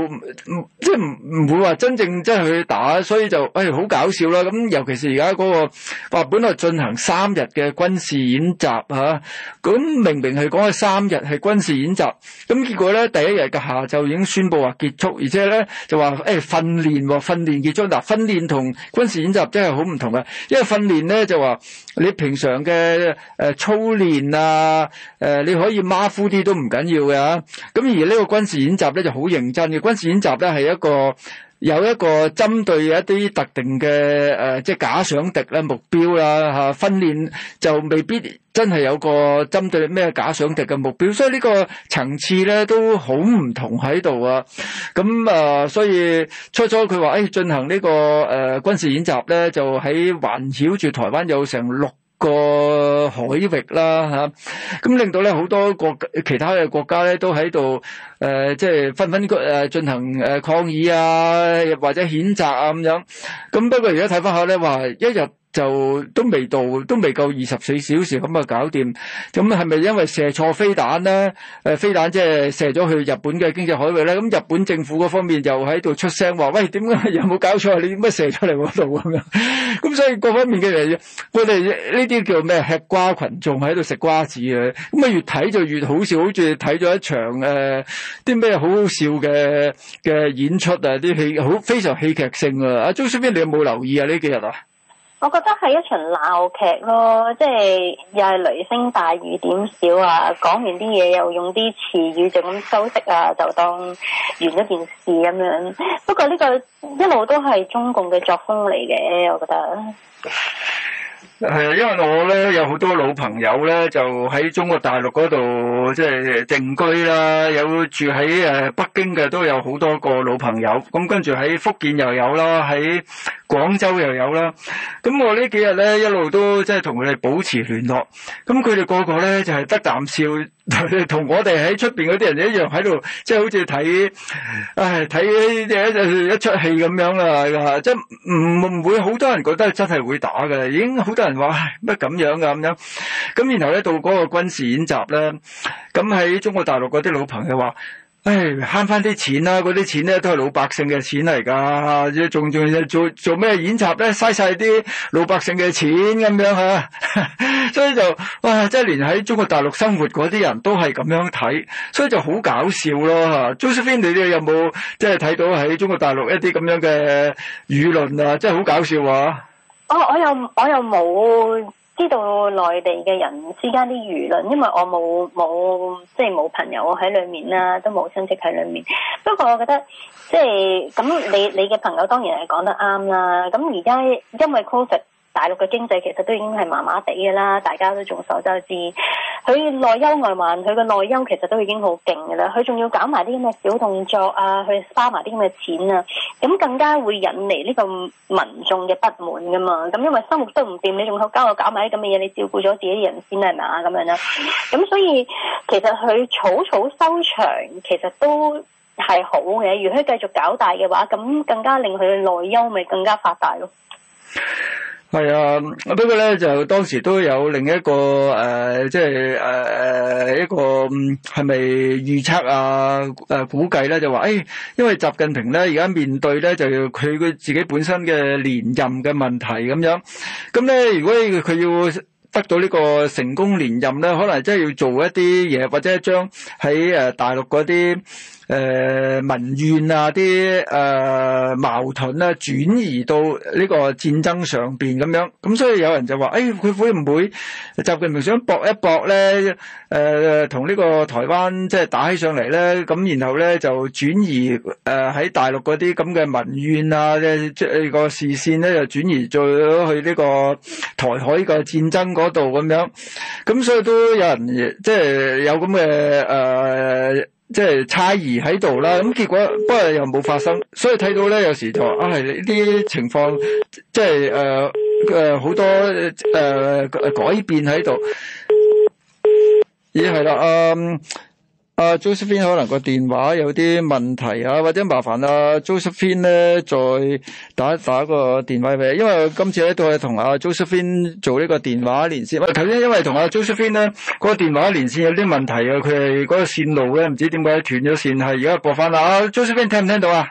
即係唔唔會話真正即係去打，所以就誒好、哎、搞笑啦。咁尤其是而家、嗰個話本來進行三日嘅軍事演習吓，咁、啊、明明係講係三日係軍事演習，咁結果咧第一日嘅下晝已經宣布話結束，而且咧就話誒訓練訓練結束。訓練同軍事演習真係好唔同啊，因為訓練咧就話你平常嘅誒、呃、操練啊、誒、呃、你可以馬虎啲都唔緊要嘅，咁、啊、而呢個軍事演習咧就好認真嘅，軍事演習咧係一個。有一個針對一啲特定嘅誒、呃，即係假想敵啦、目標啦嚇、啊，訓練就未必真係有個針對咩假想敵嘅目標，所以呢個層次咧都好唔同喺度啊。咁啊，所以初初佢話，誒、哎、進行呢、呢個誒、呃、軍事演習咧，就喺環繞住台灣有成六個海域啦嚇，咁、啊、令到咧好多國其他嘅國家咧都喺度誒，即係紛紛誒進行誒抗議啊，或者譴責啊咁樣。咁、啊、不過而家睇翻下咧，話一日。就都未到，都未夠二十四小時咁啊！搞掂，咁係咪因為射錯飛彈咧？誒、呃，飛彈即係射咗去日本嘅經濟海域咧。咁日本政府嗰方面又喺度出聲話：「喂，點解有冇搞錯？你點解射咗嚟嗰度咁樣？咁 (laughs) 所以各方面嘅嘢，我哋呢啲叫咩？吃瓜群眾喺度食瓜子啊！咁啊，越睇就越好笑，好似睇咗一場誒啲咩好好笑嘅嘅演出啊！啲戲好非常戲劇性啊！阿鐘，身邊你有冇留意啊？呢幾日啊？我覺得係一場鬧劇咯，即係又係雷聲大雨點小啊！講完啲嘢又用啲詞語就咁收息啊，就當完一件事咁樣。不過呢個一路都係中共嘅作風嚟嘅，我覺得。係，因為我咧有好多老朋友咧，就喺中國大陸嗰度即係定居啦，有住喺誒北京嘅都有好多個老朋友，咁跟住喺福建又有啦，喺廣州又有啦，咁我呢幾日咧一路都即係同佢哋保持聯絡，咁佢哋個個咧就係得啖笑。同 (laughs) 我哋喺出邊嗰啲人一樣喺度，即係好似睇，唉，睇一出一出戲咁樣啦，即係唔唔會好多人覺得真係會打嘅，已經好多人話乜咁樣㗎咁樣，咁然後咧到嗰個軍事演習咧，咁喺中國大陸嗰啲老朋友話，唉，慳翻啲錢啦、啊，嗰啲錢咧都係老百姓嘅錢嚟噶，仲仲做做咩演習咧？嘥晒啲老百姓嘅錢咁樣吓、啊， (laughs) 所以就哇，即係連喺中國大陸生活嗰啲人都係咁樣睇，所以就好搞笑咯吓。Josephine，你哋有冇即係睇到喺中國大陸一啲咁樣嘅輿論啊？即係好搞笑啊！啊我我又我又冇。知道內地嘅人之間啲輿論，因為我冇冇即係冇朋友喺裡面啦，都冇親戚喺裡面。不過我覺得即係咁，你你嘅朋友當然係講得啱啦。咁而家因為 COVID 大陸嘅經濟其實都已經係麻麻地嘅啦，大家都眾所周知，知。佢內憂外患，佢嘅內憂其實都已經好勁嘅啦。佢仲要搞埋啲咁嘅小動作啊，去花埋啲咁嘅錢啊，咁更加會引嚟呢個民眾嘅不滿噶嘛。咁因為生活都唔掂，你仲好加我搞埋啲咁嘅嘢，你照顧咗自己啲人先啦，係咪啊？咁樣啦。咁所以其實佢草草收場，其實都係好嘅。如果繼續搞大嘅話，咁更加令佢嘅內憂咪更加發大咯。係啊，不過咧就當時都有另一個誒，即係誒誒一個係咪預測啊？誒估計咧就話誒，因為習近平咧而家面對咧就佢佢自己本身嘅連任嘅問題咁樣咁咧，如果佢要得到呢個成功連任咧，可能真係要做一啲嘢，或者將喺誒大陸嗰啲。誒、呃，民怨啊，啲誒、呃、矛盾啊，轉移到呢個戰爭上邊咁樣，咁所以有人就話：誒、哎，佢會唔會習近平想搏一搏咧？誒、呃，同呢個台灣即係打起上嚟咧，咁然後咧就轉移誒喺、呃、大陸嗰啲咁嘅民怨啊，即係個視線咧又轉移咗去呢個台海個戰爭嗰度咁樣，咁所以都有人即係有咁嘅誒。呃即係猜疑喺度啦，咁結果不過又冇發生，所以睇到咧有時就話啊係呢啲情況，即係誒誒好多誒、呃、改變喺度，咦係啦啊。嗯阿 Josephine 可能個電話有啲問題啊，或者麻煩阿、啊、Josephine 咧，再打打個電話俾，因為今次咧都係同阿、啊、Josephine 做呢個電話連線。頭、啊、先因為同阿、啊、Josephine 咧嗰、那個電話連線有啲問題啊，佢係嗰個線路咧唔知點解斷咗線，係而家播翻啦。阿、啊、Josephine 聽唔聽到啊？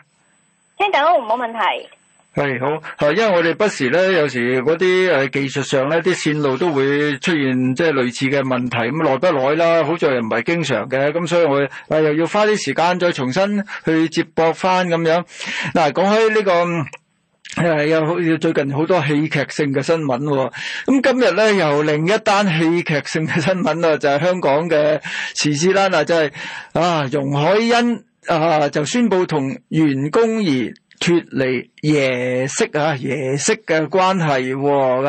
聽到，冇問題。係好吓，因為我哋不時咧，有時嗰啲誒技術上咧，啲線路都會出現即係類似嘅問題咁，耐不耐啦？好在又唔係經常嘅，咁所以我誒又要花啲時間再重新去接駁翻咁樣嗱、啊。講起、這個啊哦、呢個誒，又好似最近好多戲劇性嘅新聞咁，今日咧由另一單戲劇性嘅新聞、啊就是、啦，就係香港嘅時事啦，就係啊，容海恩啊就宣布同袁弓夷脫離。爺媳啊，爺媳嘅關係㗎嗱，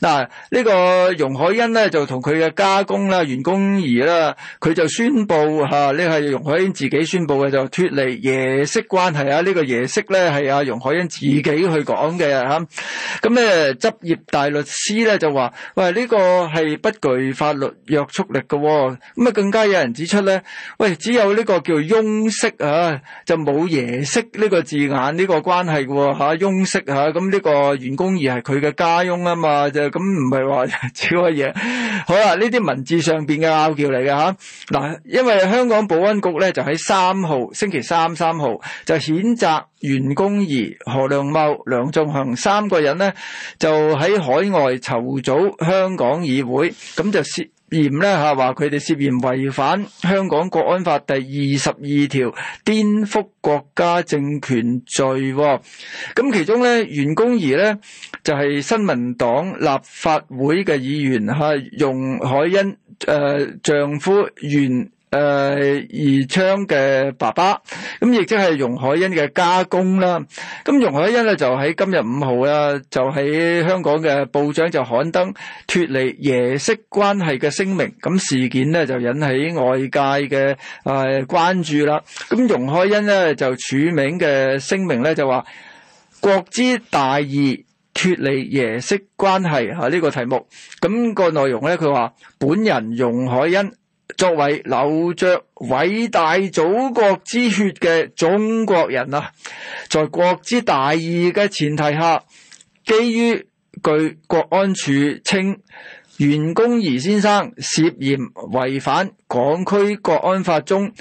呢、啊這個容海恩咧就同佢嘅家公啦、袁弓夷啦，佢就宣布吓，呢、啊、係容海恩自己宣布嘅，就脫離爺媳關係啊。這個、呢個爺媳咧係阿容海恩自己去講嘅嚇。咁咧執業大律師咧就話：喂，呢、這個係不具法律約束力嘅。咁啊，更加有人指出咧：，喂，只有呢個叫翁媳啊，就冇爺媳呢個字眼呢個關係嘅、哦。吓，庸識嚇，咁呢、啊這個袁弓夷係佢嘅家翁啊嘛，就咁唔係話朝乜嘢？好、啊、啦，呢啲、 (laughs) 啊、文字上邊嘅拗撬嚟嘅嚇。嗱、啊，因為香港保安局咧就喺三號星期三三號就譴責袁弓夷、何良懋、梁仲恒三個人呢就喺海外籌組香港議會，咁就涉嫌咧吓話佢哋涉嫌違反香港國安法第二十二條顛覆國家政權罪、哦。咁其中咧袁弓夷咧就係、是、新民黨立法會嘅議員，嚇、啊，容海恩誒丈夫袁。誒，兒、呃、昌嘅爸爸，咁亦即係容海恩嘅家公啦。咁容海恩咧就喺今日五號啦，就喺香港嘅報章就刊登脫離爺媳關係嘅聲明。咁事件呢，就引起外界嘅誒關注啦。咁容海恩呢，就署名嘅聲明咧就話國之大義，脫離爺媳關係嚇呢、這個題目。咁、那個內容咧佢話本人容海恩。作為流着偉大祖國之血嘅中國人啊，在國之大義嘅前提下，基於據國安處稱袁弓夷先生涉嫌違反港區國安法中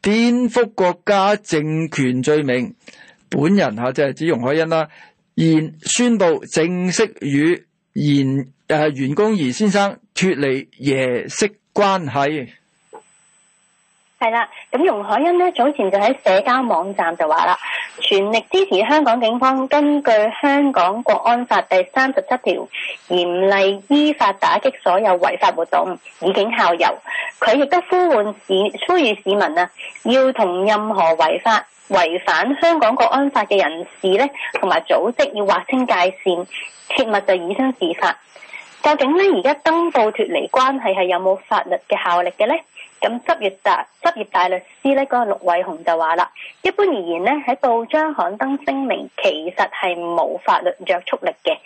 顛覆國家政權罪名，本人吓、啊、即係指容海恩啦，現宣佈正式與袁誒袁弓夷先生脫離爺媳關係係啦，咁容海恩呢，早前就喺社交網站就話啦，全力支持香港警方根據香港國安法第三十七條，嚴厲依法打擊所有違法活動，以儆效尤。佢亦都呼喚市呼籲市民啊，要同任何違法違反香港國安法嘅人士呢，同埋組織要劃清界線，切勿就以身試法。究竟咧，而家登報脱離關係係有冇法律嘅效力嘅呢？咁執業大執業大律師咧，嗰個陸偉雄就話啦：一般而言咧，喺報章刊登聲明，其實係冇法律約束力嘅，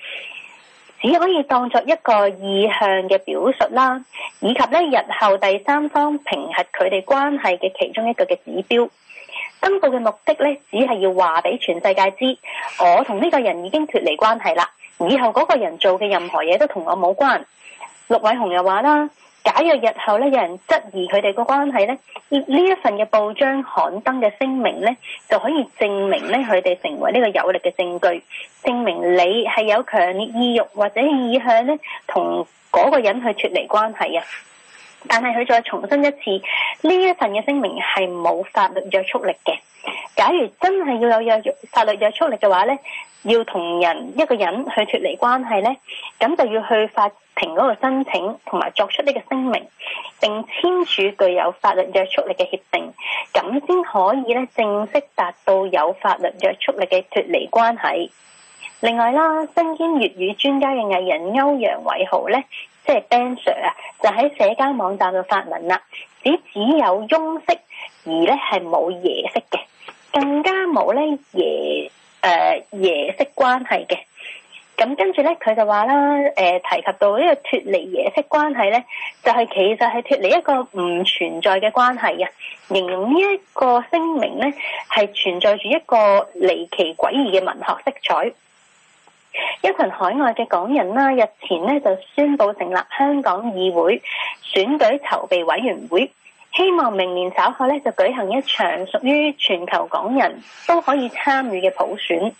只可以當作一個意向嘅表述啦，以及咧日後第三方評核佢哋關係嘅其中一個嘅指標。登報嘅目的咧，只係要話俾全世界知，我同呢個人已經脱離關係啦。以後嗰個人做嘅任何嘢都同我冇關。陸偉雄又話啦，假若日後咧有人質疑佢哋嘅關係咧，呢一份嘅報章刊登嘅聲明咧，就可以證明咧佢哋成為呢個有力嘅證據，證明你係有強烈意欲或者意向咧，同嗰個人去脫離關係啊。但係佢再重申一次，呢一份嘅聲明係冇法律約束力嘅。假如真係要有約法律約束力嘅話呢，要同人一個人去脱離關係呢，咁就要去法庭嗰度申請，同埋作出呢個聲明，並簽署具有法律約束力嘅協定，咁先可以咧正式達到有法律約束力嘅脱離關係。另外啦，身兼粵語專家嘅藝人歐陽偉豪呢。即係 Ben Sir 啊，就喺、是、社交網站度發文啦、啊。只只有翁媳，而咧係冇爺媳嘅，更加冇咧爺誒爺媳關係嘅。咁跟住咧，佢就話啦誒、呃，提及到呢個脱離爺媳關係咧，就係、是、其實係脱離一個唔存在嘅關係啊。形容呢一個聲明咧，係存在住一個離奇詭異嘅文學色彩。一群海外嘅港人啦，日前呢就宣佈成立香港議會選舉籌備委員會，希望明年稍後咧就舉行一場屬於全球港人都可以參與嘅普選，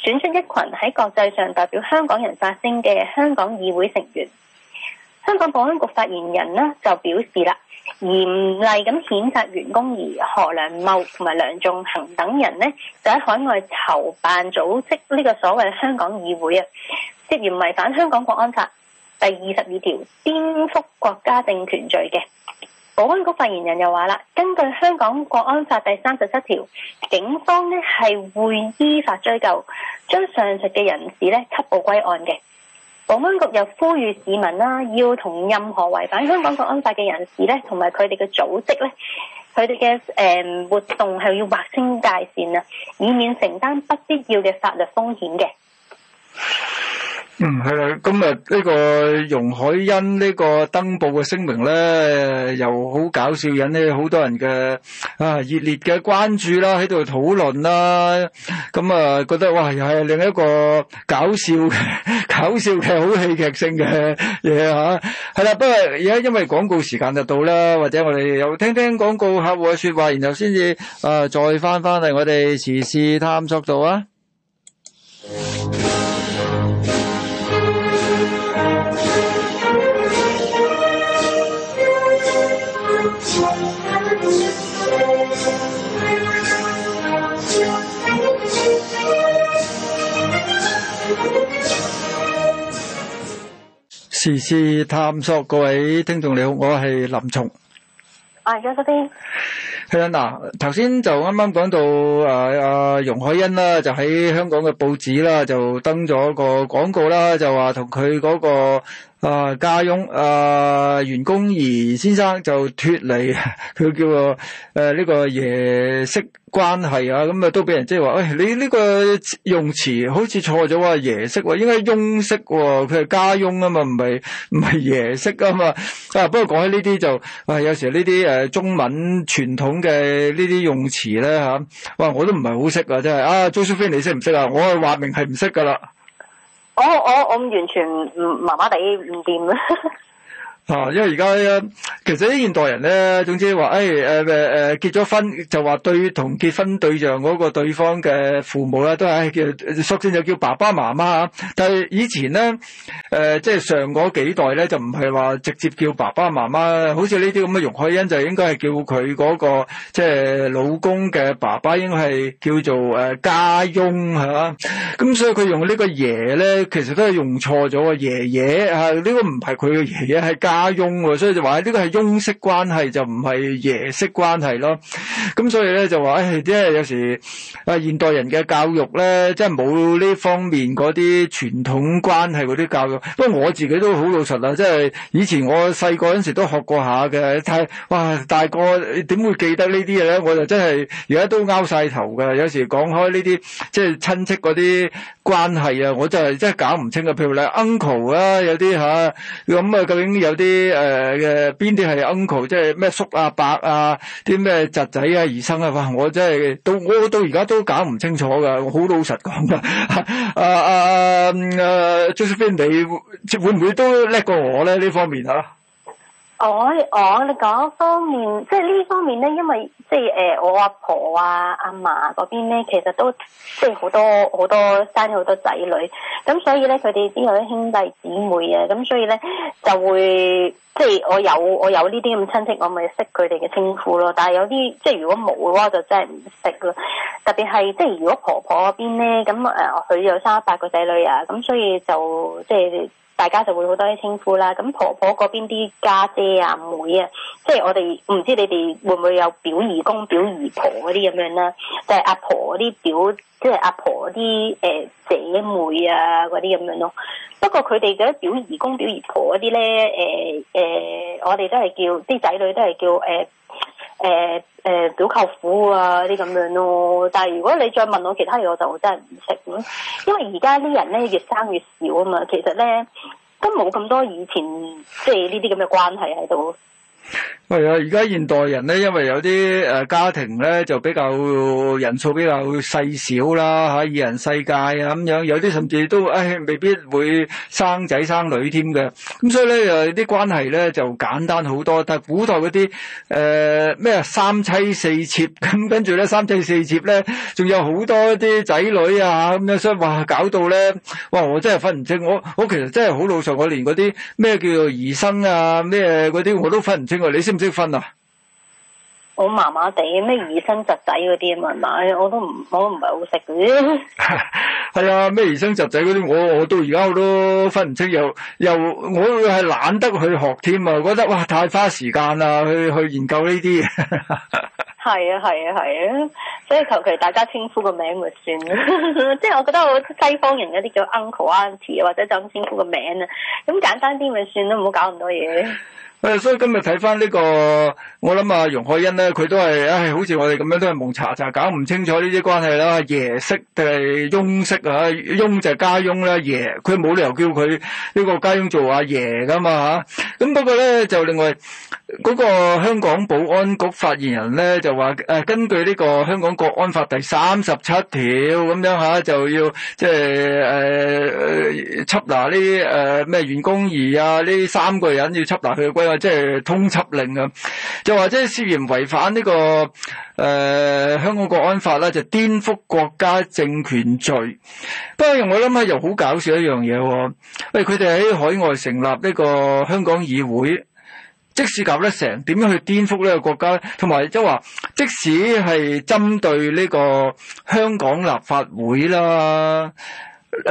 選出一群喺國際上代表香港人發聲嘅香港議會成員。香港保安局發言人呢就表示啦，嚴厲咁譴責袁弓夷何良茂、同埋梁仲恒等人呢，就喺海外籌辦組織呢個所謂香港議會啊，涉嫌違反香港國安法第二十二條顛覆國家政權罪嘅。保安局發言人又話啦，根據香港國安法第三十七條，警方呢係會依法追究將上述嘅人士呢緝捕歸案嘅。保安局又呼籲市民啦、啊，要同任何違反香港國安法嘅人士咧，同埋佢哋嘅組織咧，佢哋嘅誒活動係要劃清界線啊，以免承擔不必要嘅法律風險嘅。嗯係啦，今日呢個容海恩呢個登報嘅聲明咧，又好搞笑，引起好多人嘅啊熱烈嘅關注啦，喺度討論啦，咁啊覺得哇，又係另一個搞笑嘅 (laughs) 搞笑嘅好戲劇性嘅嘢吓，係、啊、啦，不過而家因為廣告時間就到啦，或者我哋又聽聽廣告客戶嘅說話，然後先至啊再翻翻嚟我哋時事探索度啊。時事探索，各位聽眾，你好，我係林松。係張先生。係啦，嗱、啊，頭先就啱啱講到啊啊，容海恩啦、啊，就喺香港嘅報紙啦、啊，就登咗個廣告啦、啊，就話同佢嗰個。啊，家翁，啊、呃，袁弓夷先生就脫離佢叫、呃這個誒呢個爺媳關係啊，咁啊都俾人即係話，誒、哎、你呢個用詞好似錯咗啊，爺媳應該翁媳，佢係家翁啊嘛，唔係唔係爺媳啊嘛，啊不過講起呢啲就，啊有時呢啲誒中文傳統嘅呢啲用詞咧吓，哇我都唔係好識啊，真係啊，Josephine 你識唔識啊？我話明係唔識噶啦。我我我完全唔麻麻哋，唔掂啦。 (noise) (noise) 啊，因為而家咧，其實啲現代人咧，總之話，誒、哎，誒、呃，誒、呃，誒結咗婚就話對同結婚對象個對方嘅父母咧，都係叫，俗、哎、稱、呃、就叫爸爸媽媽。但係以前咧，誒、呃，即、就、係、是、上幾代咧，就唔係話直接叫爸爸媽媽，好似呢啲咁嘅容海恩就應該係叫佢、嗰個，即、就、係、是、老公嘅爸爸，應該係叫做誒家翁吓。咁所以佢用呢個爺咧，其實都係用錯咗個爺爺吓，呢個唔係佢嘅爺爺，係、這個、家。家翁喎，所以就話呢個係翁式關係，就唔係爺式關係咯。咁所以咧就話誒即係有時啊，現代人嘅教育咧，即係冇呢方面啲傳統關係啲教育。不過我自己都好老實啊，即係以前我細個陣時都學過下嘅。太哇大個點會記得呢啲嘢咧？我就真係而家都拗曬頭嘅。有時講開呢啲即係親戚啲關係啊，我就係真係搞唔清啊，譬如咧 uncle 啊，有啲吓咁啊，究竟有啲。啲誒，嘅邊啲、呃、係 uncle，即係咩叔啊伯啊，啲咩侄仔啊兒甥啊，哇！我真係到我到而家都搞唔清楚㗎。我好老實講㗎、 (laughs) 啊。啊啊誒，Josephine 你會唔會都叻過我咧？呢方面嚇、啊。我我你講方面，即係呢方面咧，因為即係誒我阿婆啊、阿嫲嗰邊咧，其實都即係好多好多生咗好多仔女，咁所以咧佢哋啲有啲兄弟姊妹啊，咁所以咧就會即係我有我有呢啲咁親戚，我咪識佢哋嘅稱呼咯。但係有啲即係如果冇嘅話，就真係唔識咯。特別係即係如果婆婆嗰邊咧，咁誒佢有三八個仔女啊，咁所以就即係。大家就會好多啲稱呼啦，咁婆婆嗰邊啲家姐啊、妹啊，即係我哋唔知你哋會唔會有表姨公、表姨婆嗰啲咁樣啦，就係阿婆嗰啲表，即係阿婆嗰啲誒姐妹啊嗰啲咁樣咯。不過佢哋嘅表姨公、表姨婆嗰啲咧，誒、呃、誒、呃，我哋都係叫啲仔女都係叫誒。呃誒誒表舅父啊，啲咁樣咯，但係如果你再問我其他嘢，我就真係唔識。咁，因為而家啲人咧越生越少啊嘛，其實咧都冇咁多以前即係呢啲咁嘅關係喺度。係啊，而家現，現代人咧，因為有啲誒家庭咧就比較人數比較細少啦吓，二人世界啊咁樣，有啲甚至都誒未必會生仔生女添嘅，咁所以咧有啲關係咧就簡單好多。但係古代嗰啲誒咩三妻四妾咁， (laughs) 跟住咧三妻四妾咧，仲有好多啲仔女啊咁樣，所以話搞到咧哇，我真係分唔清，我我其實真係好老實，我連嗰啲咩叫做兒生啊咩嗰啲我都分唔清。你識唔識分啊？我麻麻地，咩姨甥侄仔嗰啲啊嘛，我都唔，我都唔係好識嘅。係啊，咩姨、 (laughs) 啊、甥侄仔嗰啲，我我到而家我都分唔清，又又我係懶得去學添啊，覺得哇太花時間啦，去去研究呢啲。係 (laughs) 啊，係啊，係啊，所以求其大家稱呼個名咪算咯。即 (laughs) 係 (laughs) 我覺得我西方人嗰啲叫 uncle auntie 或者就咁稱呼個名啊，咁簡單啲咪算咯，唔好搞咁多嘢。誒、嗯，所以今日睇翻呢個，我諗啊，容海恩咧，佢都係，唉，好似我哋咁樣都係蒙查查，搞唔清楚呢啲關係啦。爺媳定係翁媳啊？翁就係家翁啦，爺，佢冇理由叫佢呢個家翁做阿爺噶嘛吓。咁不過咧，就另外。嗰個香港保安局發言人咧就話：誒、呃、根據呢、這個香港國安法第三十七條咁樣嚇，就要即係誒緝拿呢誒咩袁弓夷啊呢三個人要緝拿佢嘅歸案，即係通緝令啊！就或者涉嫌違反呢、這個誒、呃、香港國安法咧，就顛覆國家政權罪。不過我諗咧，又好搞笑一樣嘢喎！喂、哎，佢哋喺海外成立呢個香港議會。即使搞得成，點樣去顛覆呢個國家？同埋即係話，即使係針對呢個香港立法會啦，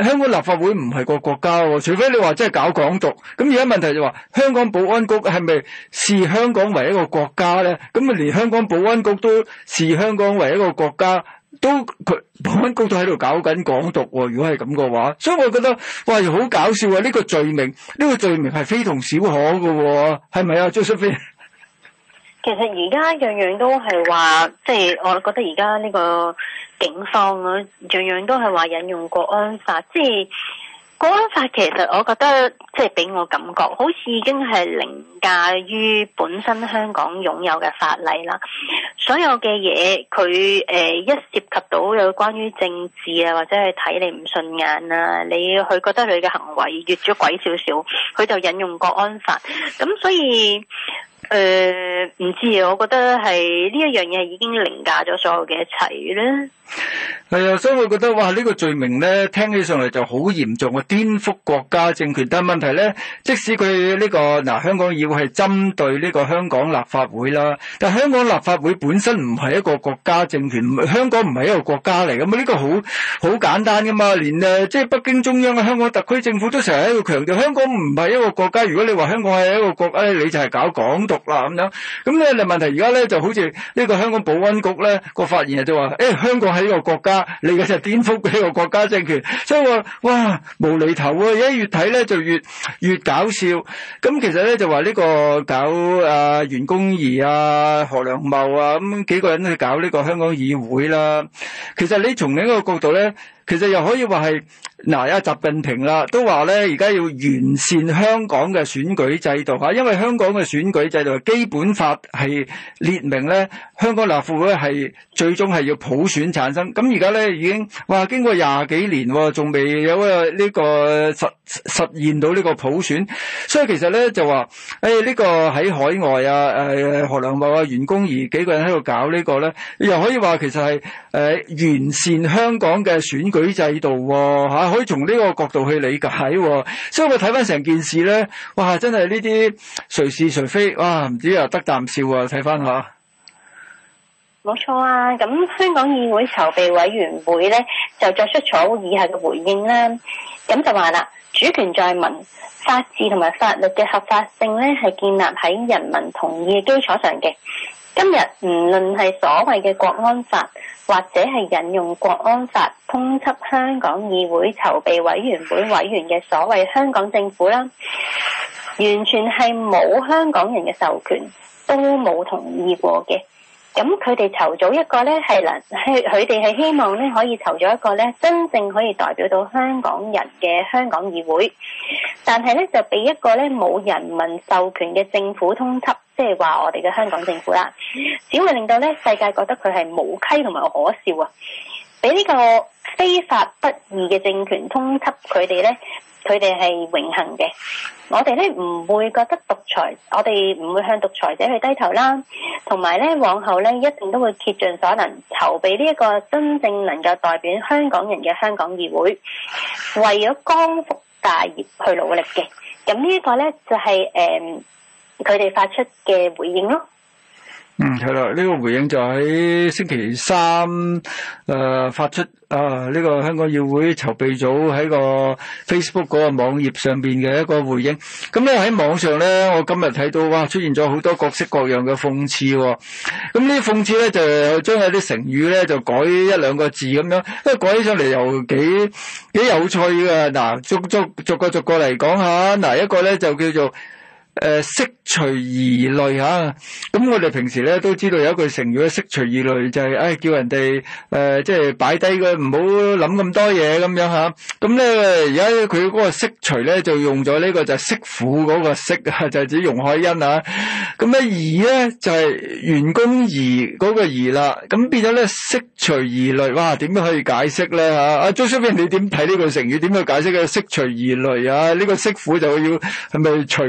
香港立法會唔係個國家喎，除非你話真係搞港獨。咁而家問題就話，香港保安局係咪視香港為一個國家咧？咁啊，連香港保安局都視香港為一個國家。都佢保安局都喺度搞緊港獨喎、哦，如果係咁嘅話，所以我覺得哇，好搞笑啊！呢個罪名，呢個罪名係非同小可嘅、哦，係咪啊 Joseph，其實而家樣樣都係話，即係我覺得而家呢個警方啊，樣樣都係話引用國安法，即係。國安法其實我覺得，即係俾我感覺，好似已經係凌駕於本身香港擁有嘅法例啦。所有嘅嘢，佢誒、呃、一涉及到有關於政治啊，或者係睇你唔順眼啊，你佢覺得佢嘅行為越咗軌少少，佢就引用國安法。咁所以誒唔、呃、知啊，我覺得係呢一樣嘢已經凌駕咗所有嘅一切啦。係啊，所以我覺得哇，呢個罪名咧，聽起上嚟就好嚴重嘅顛覆國家政權。但係問題咧，即使佢呢個嗱、呃，香港要係針對呢個香港立法會啦，但係香港立法會本身唔係一個國家政權，香港唔係一個國家嚟嘅。咁啊，呢個好好簡單噶嘛，連誒，即係北京中央嘅香港特區政府都成日喺度強調，香港唔係一個國家。如果你話香港係一個國家咧，你就係搞港獨啦咁樣。咁咧，但問題而家咧就好似呢個香港保安局咧個發言就話，誒，香港。喺一個國家，你嘅就顛覆呢個國家政權，所以話哇無厘頭喎、啊，一越睇咧就越越搞笑。咁、嗯、其實咧就話呢個搞誒、呃、袁弓夷啊、何良茂啊咁、嗯、幾個人去搞呢個香港議會啦。其實你從呢個角度咧。其實又可以話係嗱，而家習近平啦都話咧，而家要完善香港嘅選舉制度嚇，因為香港嘅選舉制度《基本法》係列明咧，香港立法會係最終係要普選產生。咁而家咧已經哇，經過廿幾年仲未有呢個實實現到呢個普選，所以其實咧就話誒呢個喺海外啊，誒、呃、何良茂啊、袁弓夷幾個人喺度搞個呢個咧，又可以話其實係誒、呃、完善香港嘅選舉。舉制度嚇、啊啊，可以從呢個角度去理解、啊。所以我睇翻成件事咧，哇！真係呢啲誰是誰非，哇！唔知又、啊、得啖笑啊！睇翻嚇，冇錯啊。咁香港議會籌備委員會咧就作出咗以下嘅回應啦。咁就話啦，主權在民，法治同埋法律嘅合法性咧係建立喺人民同意嘅基礎上嘅。今日唔論係所謂嘅國安法，或者係引用國安法通緝香港議會籌備委員會委員嘅所謂香港政府啦，完全係冇香港人嘅授權，都冇同意過嘅。咁佢哋籌組一個呢，係能佢哋係希望呢，可以籌組一個呢，真正可以代表到香港人嘅香港議會。但係呢，就俾一個呢冇人民授權嘅政府通緝，即係話我哋嘅香港政府啦，只會令到呢世界覺得佢係無稽同埋可笑啊！俾呢個非法不義嘅政權通緝佢哋呢，佢哋係榮幸嘅。我哋咧唔會覺得獨裁，我哋唔會向獨裁者去低頭啦。同埋咧，往後咧一定都會竭盡所能籌備呢一個真正能夠代表香港人嘅香港議會，為咗光復大業去努力嘅。咁呢一個咧就係誒佢哋發出嘅回應咯。嗯，係啦，呢、這個回應就喺星期三，誒、呃，發出啊，呢、這個香港議會籌備組喺個 Facebook 嗰個網頁上邊嘅一個回應。咁咧喺網上咧，我今日睇到哇，出現咗好多各式各樣嘅諷刺、哦。咁呢啲諷刺咧就將有啲成語咧就改一兩個字咁樣，因、嗯、為改起出嚟又幾幾有趣㗎。嗱，逐逐逐個逐個嚟講下。嗱，一個咧就叫做。誒釋除疑慮嚇，咁、嗯、我哋平時咧都知道有一句成語咧釋除疑慮、就是呃啊嗯，就係誒叫人哋誒即係擺低佢，唔好諗咁多嘢咁樣嚇。咁咧而家佢嗰個釋除咧就用咗呢個就係媳婦嗰個媳、就是、啊，就係指容海恩啊。咁咧夷咧就係袁弓夷嗰個夷啦。咁、嗯、變咗咧釋除疑慮，哇點可以解釋咧嚇？阿張叔炳你點睇呢句成語？點去解釋嘅釋除疑慮啊？呢、這個媳婦就要係咪除？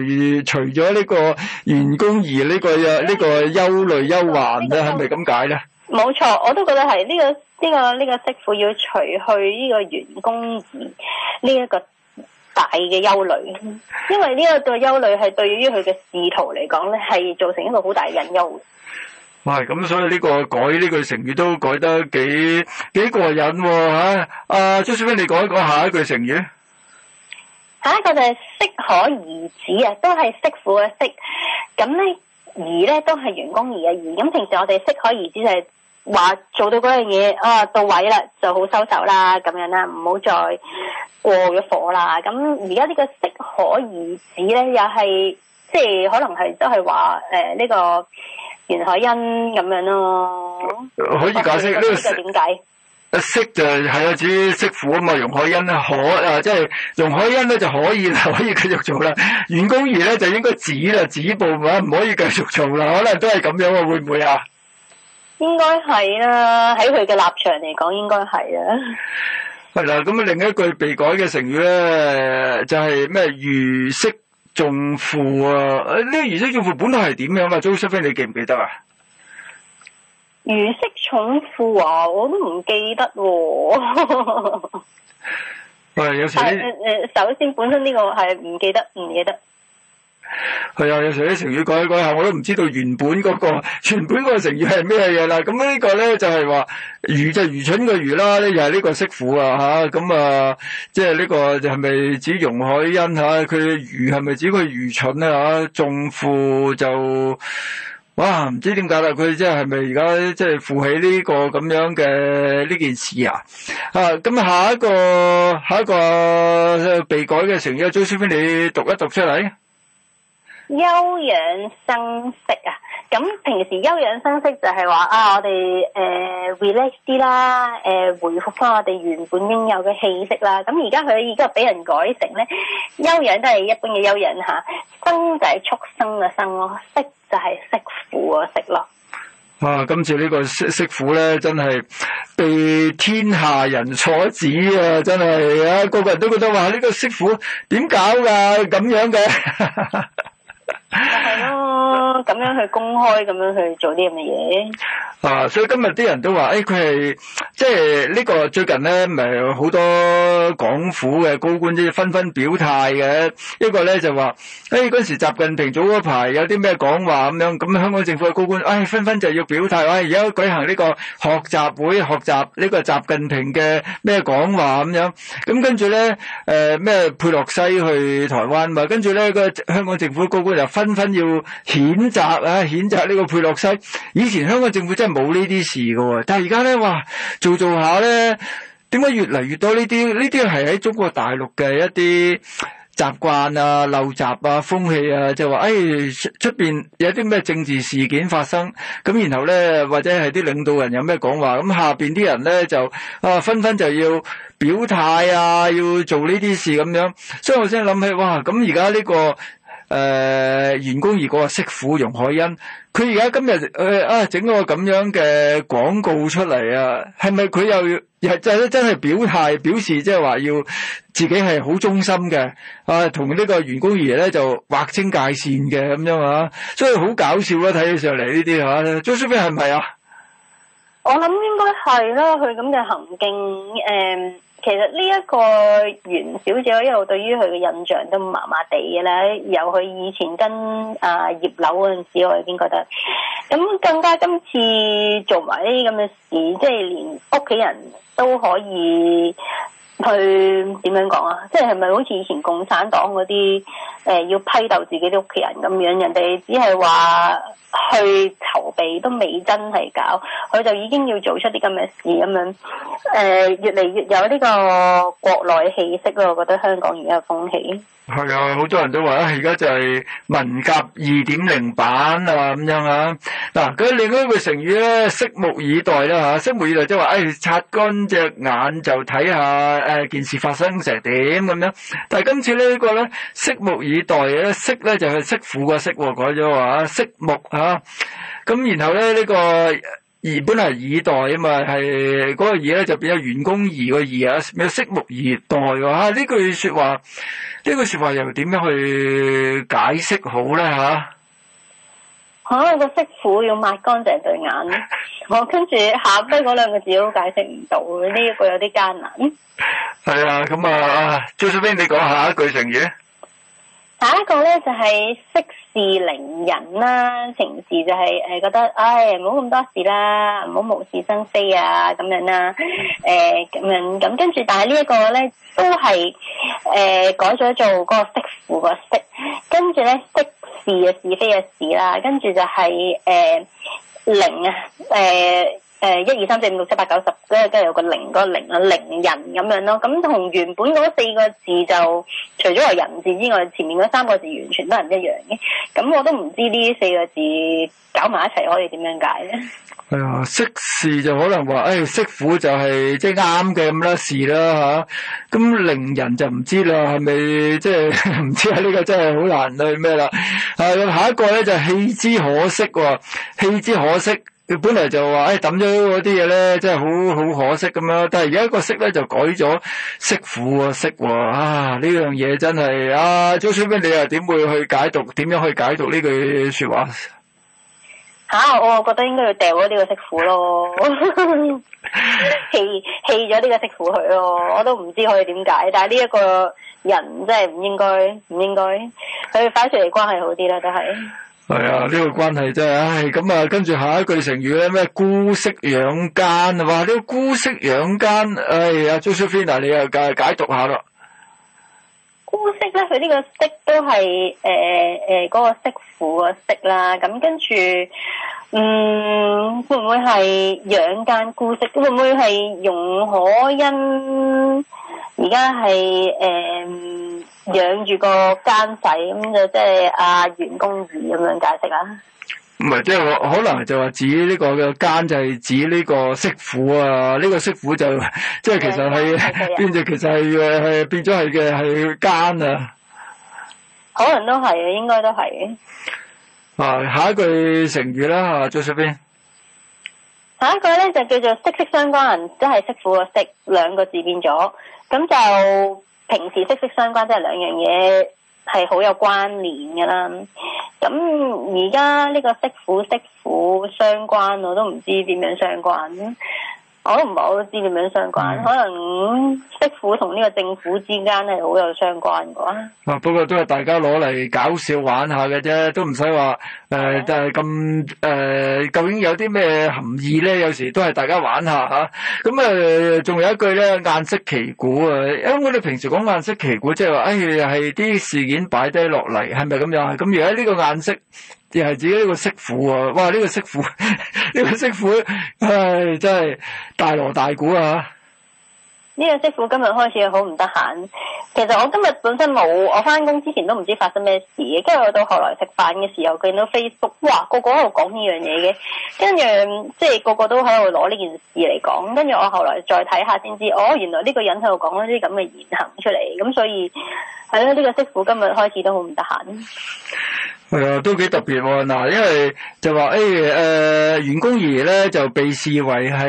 除咗呢個袁弓夷呢個呀，呢個憂慮憂患咧，係咪咁解咧？冇錯，我都覺得係呢、這個呢、這個呢、這個媳婦、這個、要除去呢個袁弓夷呢一個大嘅憂慮，因為呢一個憂慮係對於佢嘅仕途嚟講咧，係造成一個好大嘅隱憂。哇！咁所以呢個改呢句成語都改得幾幾過癮吓、啊。阿張小斌，你講一講下一句成語。下一個就係適可而止啊，都係媳婦嘅媳，咁咧而咧都係員工而嘅而，咁平時我哋適可而止就係話做到嗰樣嘢，啊到位啦就好收手啦咁樣啦，唔好再過咗火啦。咁而家呢個適可而止咧，又係即係可能係都係話誒呢個袁海恩咁樣咯，可以解釋呢個點解個？阿媳就係啊，指媳婦啊嘛，容海恩可啊，即係容海恩咧就可以啦，可以繼續做啦。袁弓夷咧就應該止啦，止步啦，唔可以繼續做啦。可能都係咁樣啊，會唔會啊？應該係啦，喺佢嘅立場嚟講，應該係啊。係啦，咁啊， (laughs) 另一句被改嘅成語咧，就係、是、咩？如釋重負啊！呢、啊這個如釋重負本來係點樣噶、啊？周師傅，你記唔記得啊？愚媳重富啊！我都唔記得喎 (laughs) 是。有時誒首先本身呢個係唔記得，唔記得。係啊，有時啲成語改一改下，我都唔知道原本嗰、嗰個原本嗰個成語係咩嘢啦。咁呢個咧就係話愚就愚蠢個愚啦，呢又係呢個媳婦啊吓。咁啊，即係呢個係咪指容海恩吓？佢愚係咪指佢愚蠢咧吓、啊？仲富就。哇，唔知點解啦，佢即係係咪而家即係負起呢個咁樣嘅呢件事啊？啊，咁、嗯、下一個下一個、啊、被改嘅成語，最先俾你讀一讀出嚟。休養生息啊！咁平時休養生息就係話啊，我哋誒 relax 啲啦，誒、呃呃、回復返我哋原本應有嘅氣息啦。咁而家佢而家俾人改成咧，休養都係一般嘅休養嚇，生就係畜生嘅生咯，息就係媳婦啊息咯。哇！今次呢個媳媳婦咧，真係被天下人所指啊！真係啊，個個人都覺得話呢、這個媳婦點搞㗎？咁樣嘅。 (laughs) 係咯，咁樣去公開咁樣去做啲咁嘅嘢。啊，所以今日啲人都話，誒、哎，佢係即係呢個最近咧，咪好多港府嘅高官都紛紛表態嘅。一個咧就話，誒、哎，嗰時習近平早嗰排有啲咩講話咁樣，咁香港政府嘅高官，誒、哎，紛紛就要表態，誒、哎，而家舉行呢個學習會，學習呢個習近平嘅咩講話咁樣。咁跟住咧，誒、呃，咩佩洛西去台灣，咪跟住咧個香港政府高官就……紛紛要譴責啊，譴責呢個佩洛西。以前香港政府真係冇呢啲事噶，但係而家咧，哇，做做下咧，點解越嚟越多呢啲？呢啲係喺中國大陸嘅一啲習慣啊、陋習啊、風氣啊，就話、是、誒，出出邊有啲咩政治事件發生，咁然後咧，或者係啲領導人有咩講話，咁下邊啲人咧就啊，紛紛就要表態啊，要做呢啲事咁樣。所以我先諗起，哇，咁而家呢個。誒、呃，袁弓夷嗰個媳婦容海恩，佢而家今日誒、哎、啊，整嗰個咁樣嘅廣告出嚟啊，係咪佢又要又真真係表態表示，即係話要自己係好忠心嘅啊，同呢個袁弓夷咧就劃清界線嘅咁樣啊，所以好搞笑啦，睇起上嚟呢啲吓 Joseph 係咪啊？啊是是啊我諗應該係啦，佢咁嘅行徑，誒、嗯。其實呢一個袁小姐，我一路對於佢嘅印象都麻麻地嘅啦，由佢以前跟啊葉、呃、劉嗰陣時，我已經覺得，咁更加今次做埋呢啲咁嘅事，即係連屋企人都可以。去點樣講啊？即係咪好似以前共產黨嗰啲誒要批鬥自己啲屋企人咁樣？人哋只係話去籌備都未真係搞，佢就已經要做出啲咁嘅事咁樣。誒，越嚟越有呢個國內氣息咯，我覺得香港而家嘅風氣。係啊，好多人都話咧，而家就係文革二點零版啊咁樣啊。嗱，佢另外一個成語咧，拭目以待啦嚇，拭目以待即係話，誒，擦乾隻眼就睇下。誒，件事發生成點咁樣？但係今次呢個咧，拭目以待咧，拭咧就係媳婦個拭，改咗話啊，拭目啊。咁然後咧呢個而本嚟以待啊嘛，係嗰個以咧就變咗袁弓夷個夷啊，咩拭目以待啊？呢句說話，呢句說話又點樣去解釋好咧吓？可能、啊那個媳婦要抹乾淨對眼，我跟住下邊嗰兩個字都解釋唔到，呢、這、一個有啲艱難。係 (laughs) (laughs) 啊，咁啊，張小兵你講下一句成語。下一個咧就係、是、息事寧人啦，平時就係誒覺得，唉唔好咁多事啦，唔好無事生非啊咁樣啦，誒、呃、咁樣咁跟住，但係呢一個咧都係誒、呃、改咗做嗰個媳婦、那個媳，跟住咧媳事嘅是非嘅事啦，跟住就係誒寧啊，誒、呃。誒，一二三四五六七八九十，跟住有個零，個零啊，零人咁樣咯。咁同原本嗰四個字就除咗話人字之外，前面嗰三個字完全都係唔一樣嘅。咁我都唔知呢四個字搞埋一齊可以點樣解咧？係啊，識字就可能話，誒，媳婦就係即係啱嘅咁多事啦吓。咁零人就唔知啦，係咪即係唔知啊？呢個真係好難去咩啦。啊，下一個咧就棄之可惜，棄之可惜。佢本嚟就話，誒抌咗嗰啲嘢咧，真係好好可惜咁樣。但係而家個媳咧就改咗媳婦嘅媳，啊呢樣嘢真係，啊咁最尾你又點會去解讀？點樣去解讀呢句說話？吓、啊，我覺得應該要掉咗呢個媳婦咯， (laughs) 棄棄咗呢個媳婦佢咯。我都唔知可以點解，但係呢一個人真係唔應該，唔應該，佢反嚟關係好啲啦，都係。係啊，呢、 (noise) 哎，這個關係真係，唉、哎，咁啊，跟住下一句成語咧，咩姑息養奸，啊哇！呢個姑息養奸，唉呀，Josephine 啊，你又解解讀下咯。姑息咧，佢呢個息都係誒誒嗰個媳婦嘅息啦。咁跟住，嗯，會唔會係養奸姑息？會唔會係容海恩而家係誒養住個奸仔，咁就即係阿袁弓夷咁樣解釋啊。唔係，即係我可能就話指呢個奸，就係指呢個媳婦啊。呢、呢個媳婦就即係其實係，嗯、變咗其實係誒，變咗係嘅係奸啊。可能都係，應該都係。啊，下一句成語啦，吓，再出邊。下一句咧就叫做息息相關人，即係媳婦個息兩個字變咗，咁就平時息息相關兩，即係兩樣嘢。係好有關聯嘅啦，咁而家呢個媳婦媳婦相關，我都唔知點樣相關。我唔係好知點樣相關，嗯、可能媳婦同呢個政府之間係好有相關啩。啊，不過都係大家攞嚟搞笑玩下嘅啫，都唔使話誒，就係咁誒。究竟有啲咩含義咧？有時都係大家玩下嚇。咁、啊、誒，仲、嗯、有一句咧，偃旗息鼓啊！因為我哋平時講偃旗息鼓，即係話誒係啲事件擺低落嚟，係咪咁樣？咁而家呢個暗色，又係自己呢個媳婦啊。哇！呢、呢個媳婦，呢 (laughs) 個媳婦，唉、哎，真係大鑼大鼓啊！呢個媳婦今日開始好唔得閒。其實我今日本身冇，我翻工之前都唔知發生咩事嘅。跟住到後來食飯嘅時候，佢見到 Facebook，哇，個個喺度講呢樣嘢嘅。跟住即係個個都喺度攞呢件事嚟講。跟住我後來再睇下先知，哦，原來呢個人喺度講咗啲咁嘅言行出嚟。咁所以係咯，呢、哎呢個媳婦今日開始都好唔得閒。係啊、嗯，都幾特別嗱、哦，因為就話誒誒，袁公儀袁弓夷咧就被視為係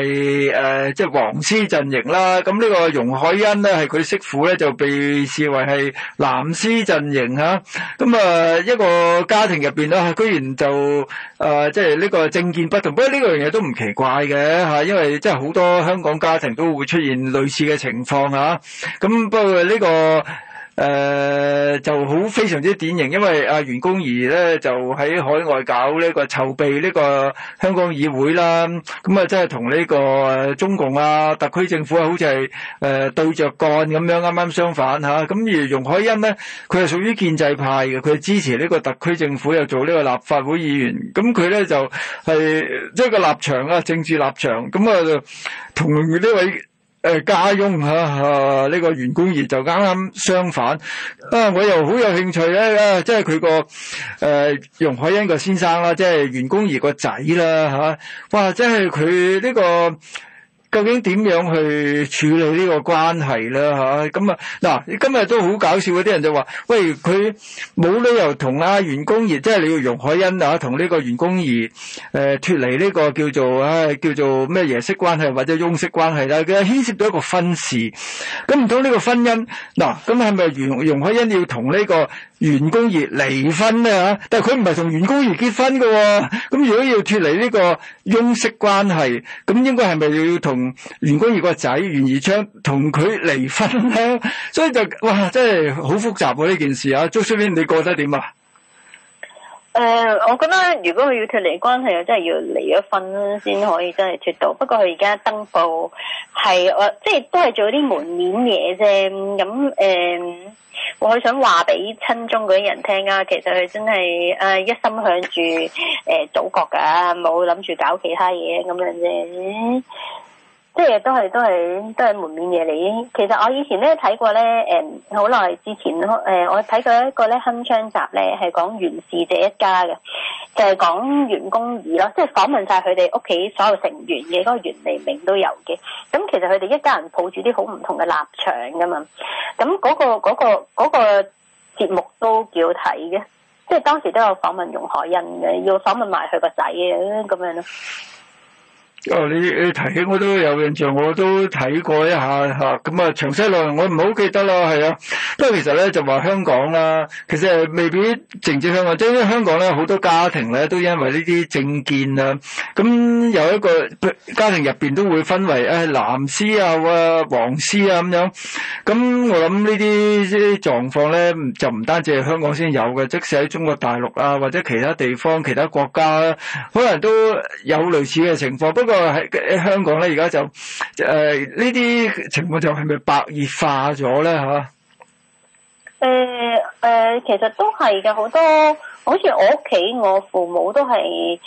誒、呃、即係黃絲陣營啦，咁、嗯、呢、這個容海恩咧係佢媳婦咧就被視為係藍絲陣營吓，咁、嗯、啊、呃、一個家庭入邊咧，居然就誒、呃、即係呢個政見不同，不過呢樣嘢都唔奇怪嘅吓、啊，因為即係好多香港家庭都會出現類似嘅情況啊，咁不過呢個。誒、uh, 就好非常之典型，因為啊袁弓夷咧就喺海外搞呢個籌備呢個香港議會啦，咁啊即係同呢個中共啊特區政府啊好似係誒對着幹咁樣，啱啱相反嚇。咁、啊、而容海恩呢，佢係屬於建制派嘅，佢係支持呢個特區政府，又做呢個立法會議員，咁佢咧就係即係個立場啊政治立場，咁啊同呢位。誒，家翁吓吓呢個袁弓夷就啱啱相反，啊我又好有興趣咧、啊，即係佢個誒容海恩個先生啦、啊，即係袁弓夷個仔啦，吓、啊、哇，即係佢呢個。究竟點樣去處理呢個關係咧？嚇咁啊！嗱，今日都好搞笑嗰啲人就話，喂，佢冇理由同阿袁弓夷，即係你要容海恩啊，同呢個袁弓夷誒脫離呢個叫做唉、哎、叫做咩爺媳關係或者翁媳關係啦，佢牽涉到一個婚事。咁唔通呢個婚姻嗱，咁係咪容容海恩要同呢、呢個？袁弓夷離婚啊，但係佢唔係同袁弓夷結婚噶、哦、咁、嗯、如果要脫離呢個翁媳關係，咁、嗯、應該係咪要同袁弓夷個仔袁彌昌同佢離婚咧？所以就哇，真係好複雜喎、啊、呢件事啊！祝小姐，你覺得點啊？誒、呃，我覺得如果佢要脫離關係，又真係要離咗婚先可以真係脫到。不過佢而家登報係、呃呃，我即係都係做啲門面嘢啫。咁誒，我係想話俾親中嗰啲人聽啊，其實佢真係誒、呃、一心向住誒祖國噶，冇諗住搞其他嘢咁樣啫。即係都係都係都係門面嘢嚟嘅。其實我以前咧睇過咧，誒，好耐之前，誒、呃，我睇過一個咧《鏗鏘集》呢咧，係講袁氏這一家嘅，就係、是、講袁弓夷咯。即係訪問晒佢哋屋企所有成員嘅，嗰、那個袁彌明都有嘅。咁其實佢哋一家人抱住啲好唔同嘅立場噶嘛。咁嗰、那個嗰、那個嗰、那個節、那個、目都幾好睇嘅，即係當時都有訪問容海恩嘅，要訪問埋佢個仔嘅咁樣咯。哦，你你提起我都有印象，我都睇過一下嚇，咁啊詳細內容我唔係好記得咯，係啊。不過其實咧就話香港啦，其實係未必淨止香港，即係香港咧好多家庭咧都因為呢啲政見啊，咁有一個家庭入邊都會分為誒藍絲啊、黃絲啊咁樣。咁我諗呢啲呢啲狀況咧就唔單止係香港先有嘅，即使喺中國大陸啊或者其他地方、其他國家，可能都有類似嘅情況。不過個喺香港咧，而家就誒呢啲情況就係咪白熱化咗咧？嚇、呃？誒、呃、誒，其實都係嘅，好多好似我屋企，我父母都係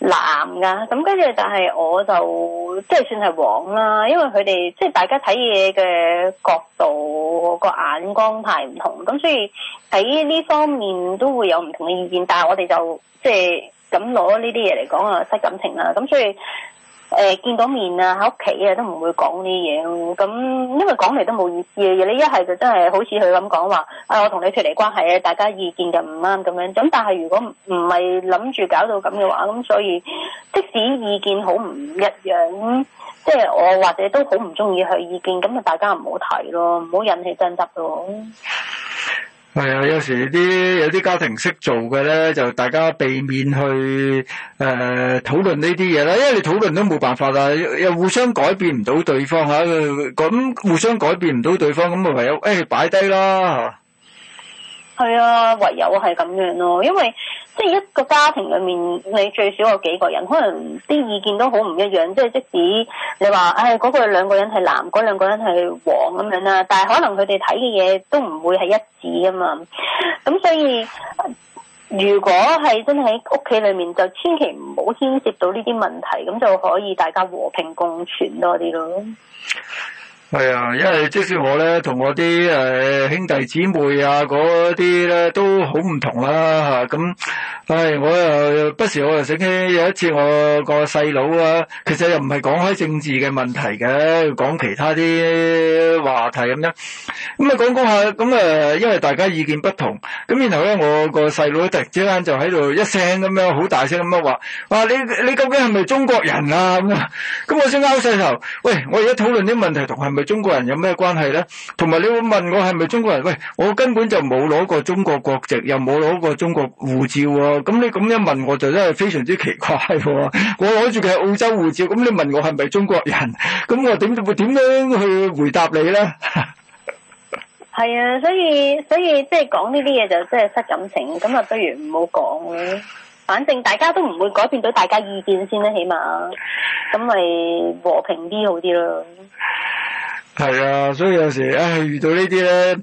藍㗎，咁跟住，但係我就即係算係黃啦，因為佢哋即係大家睇嘢嘅角度個眼光太唔同，咁所以喺呢方面都會有唔同嘅意見，但係我哋就即係。咁攞呢啲嘢嚟講啊，失感情啦。咁所以，誒見到面啊，喺屋企啊，都唔會講呢啲嘢。咁因為講嚟都冇意思嘅。你一係就真係好似佢咁講話，啊我同你脫離關係啊，大家意見就唔啱咁樣。咁但係如果唔係諗住搞到咁嘅話，咁所以即使意見好唔一樣，即係我或者都好唔中意佢意見，咁就大家唔好提咯，唔好引起爭執咯。係啊、哎，有時啲有啲家庭識做嘅咧，就大家避免去誒、呃、討論呢啲嘢啦，因為你討論都冇辦法啦，又互相改變唔到對方嚇，咁、啊、互相改變唔到對方，咁唯有誒擺低啦嚇。哎係啊，唯有係咁樣咯，因為即係一個家庭裏面，你最少有幾個人，可能啲意見都好唔一樣。即係即使你話，唉，嗰個兩個人係男，嗰兩個人係黃咁樣啦，但係可能佢哋睇嘅嘢都唔會係一致啊嘛。咁所以，如果係真係喺屋企裏面，就千祈唔好牽涉到呢啲問題，咁就可以大家和平共存多啲咯。係啊，因為即使我咧同我啲誒、呃、兄弟姊妹啊嗰啲咧都好唔同啦吓咁，唉、啊、我又、呃、不時我又醒起有一次我個細佬啊，其實又唔係講開政治嘅問題嘅，講其他啲話題咁樣，咁啊講講下咁啊、嗯，因為大家意見不同，咁然後咧我個細佬突然之間就喺度一聲咁樣好大聲咁樣話，哇你你究竟係咪中國人啊咁啊？咁、嗯嗯嗯嗯嗯、我先拗細頭，喂，我而家討論啲問題同係咪？中國人有咩關係呢？同埋你會問我係咪中國人？喂，我根本就冇攞過中國國籍，又冇攞過中國護照喎。咁你咁樣問我就真係非常之奇怪喎。我攞住嘅係澳洲護照，咁你問我係咪中國人？咁我點會點樣去回答你呢？係啊，所以所以即係講呢啲嘢就真係失感情，咁啊不如唔好講咯。反正大家都唔會改變到大家意見先啦，起碼咁咪和平啲好啲咯。係啊，所以有時唉遇到呢啲咧。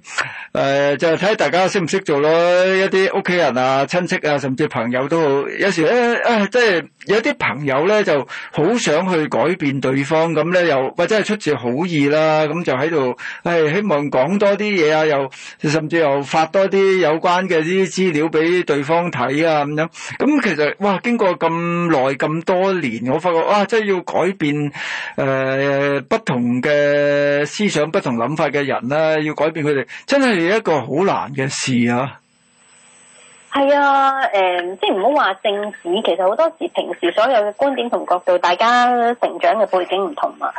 誒、呃，就睇大家識唔識做咯，一啲屋企人啊、親戚啊，甚至朋友都好。有時咧，誒即係有啲朋友咧，就好想去改變對方，咁咧又或者係出自好意啦，咁就喺度，誒希望講多啲嘢啊，又甚至又發多啲有關嘅啲資料俾對方睇啊，咁樣。咁其實哇，經過咁耐咁多年，我發覺哇，真係要改變誒、呃，不同嘅思想、不同諗法嘅人啦、啊，要改變佢哋，真係。係一個好難嘅事啊！係啊，誒、呃，即係唔好話政治，其實好多時平時所有嘅觀點同角度，大家成長嘅背景唔同啊。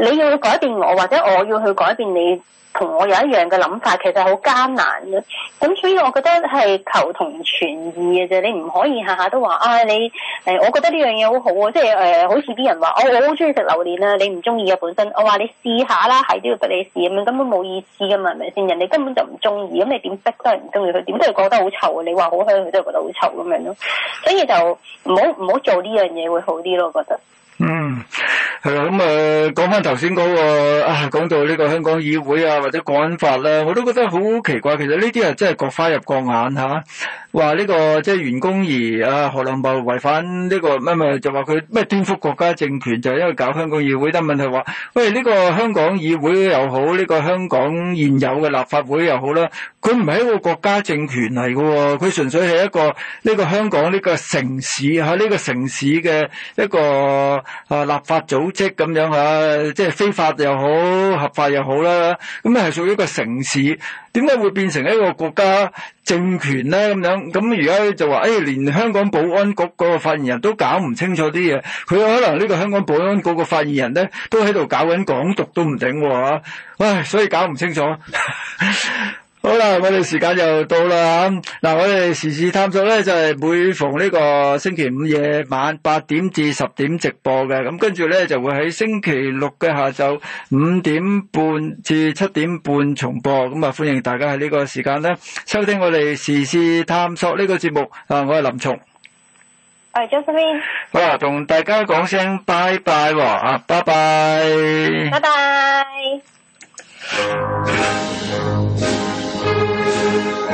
你要去改變我，或者我要去改變你，同我有一樣嘅諗法，其實好艱難嘅。咁所以，我以、啊，我覺得係求同存異嘅啫。你唔可以下下都話啊，你誒，我覺得呢樣嘢好好啊，即係誒，好似啲人話，我我好中意食榴蓮啊，你唔中意嘅本身，我話你試下啦，係都要逼你試咁樣，根本冇意思噶嘛，係咪先？人哋根本就唔中意，咁你點逼都係唔中意佢，點都係覺得好臭啊！你話好香，佢都係覺得好臭咁樣咯。所以就唔好唔好做呢樣嘢會好啲咯，我覺得。嗯，係啦，咁、嗯那個、啊，講翻頭先嗰個啊，講到呢個香港議會啊，或者國安法啦，我都覺得好奇怪。其實呢啲啊，真係各花入各眼吓，話、啊、呢、這個即係、就是、袁弓夷啊，何良懋違反呢、這個咩？咪就話佢咩顛覆國家政權，就係、是、因為搞香港議會。但係問題話，喂，呢、這個香港議會又好，呢、這個香港現有嘅立法會又好啦，佢唔係一個國家政權嚟噶，佢純粹係一個呢、這個香港呢、這個城市吓，呢、啊這個城市嘅一個。啊！立法組織咁樣嚇、啊，即係非法又好，合法又好啦。咁啊係屬於一個城市，點解會變成一個國家政權咧？咁樣咁而家就話，誒、哎、連香港保安局嗰個發言人都搞唔清楚啲嘢。佢可能呢個香港保安局個發言人咧，都喺度搞緊港獨都唔頂喎唔定。唉、哎，所以搞唔清楚。 (laughs) 好啦，我哋時間又到啦吓。嗱，我哋時事探索咧就係每逢呢個星期五夜晚八點至十點直播嘅，咁跟住咧就會喺星期六嘅下晝五點半至七點半重播。咁啊，歡迎大家喺呢個時間咧收聽我哋時事探索呢個節目。啊，我係林松。我係張淑冰。好啦，同大家講聲拜拜喎。啊，拜拜。拜拜。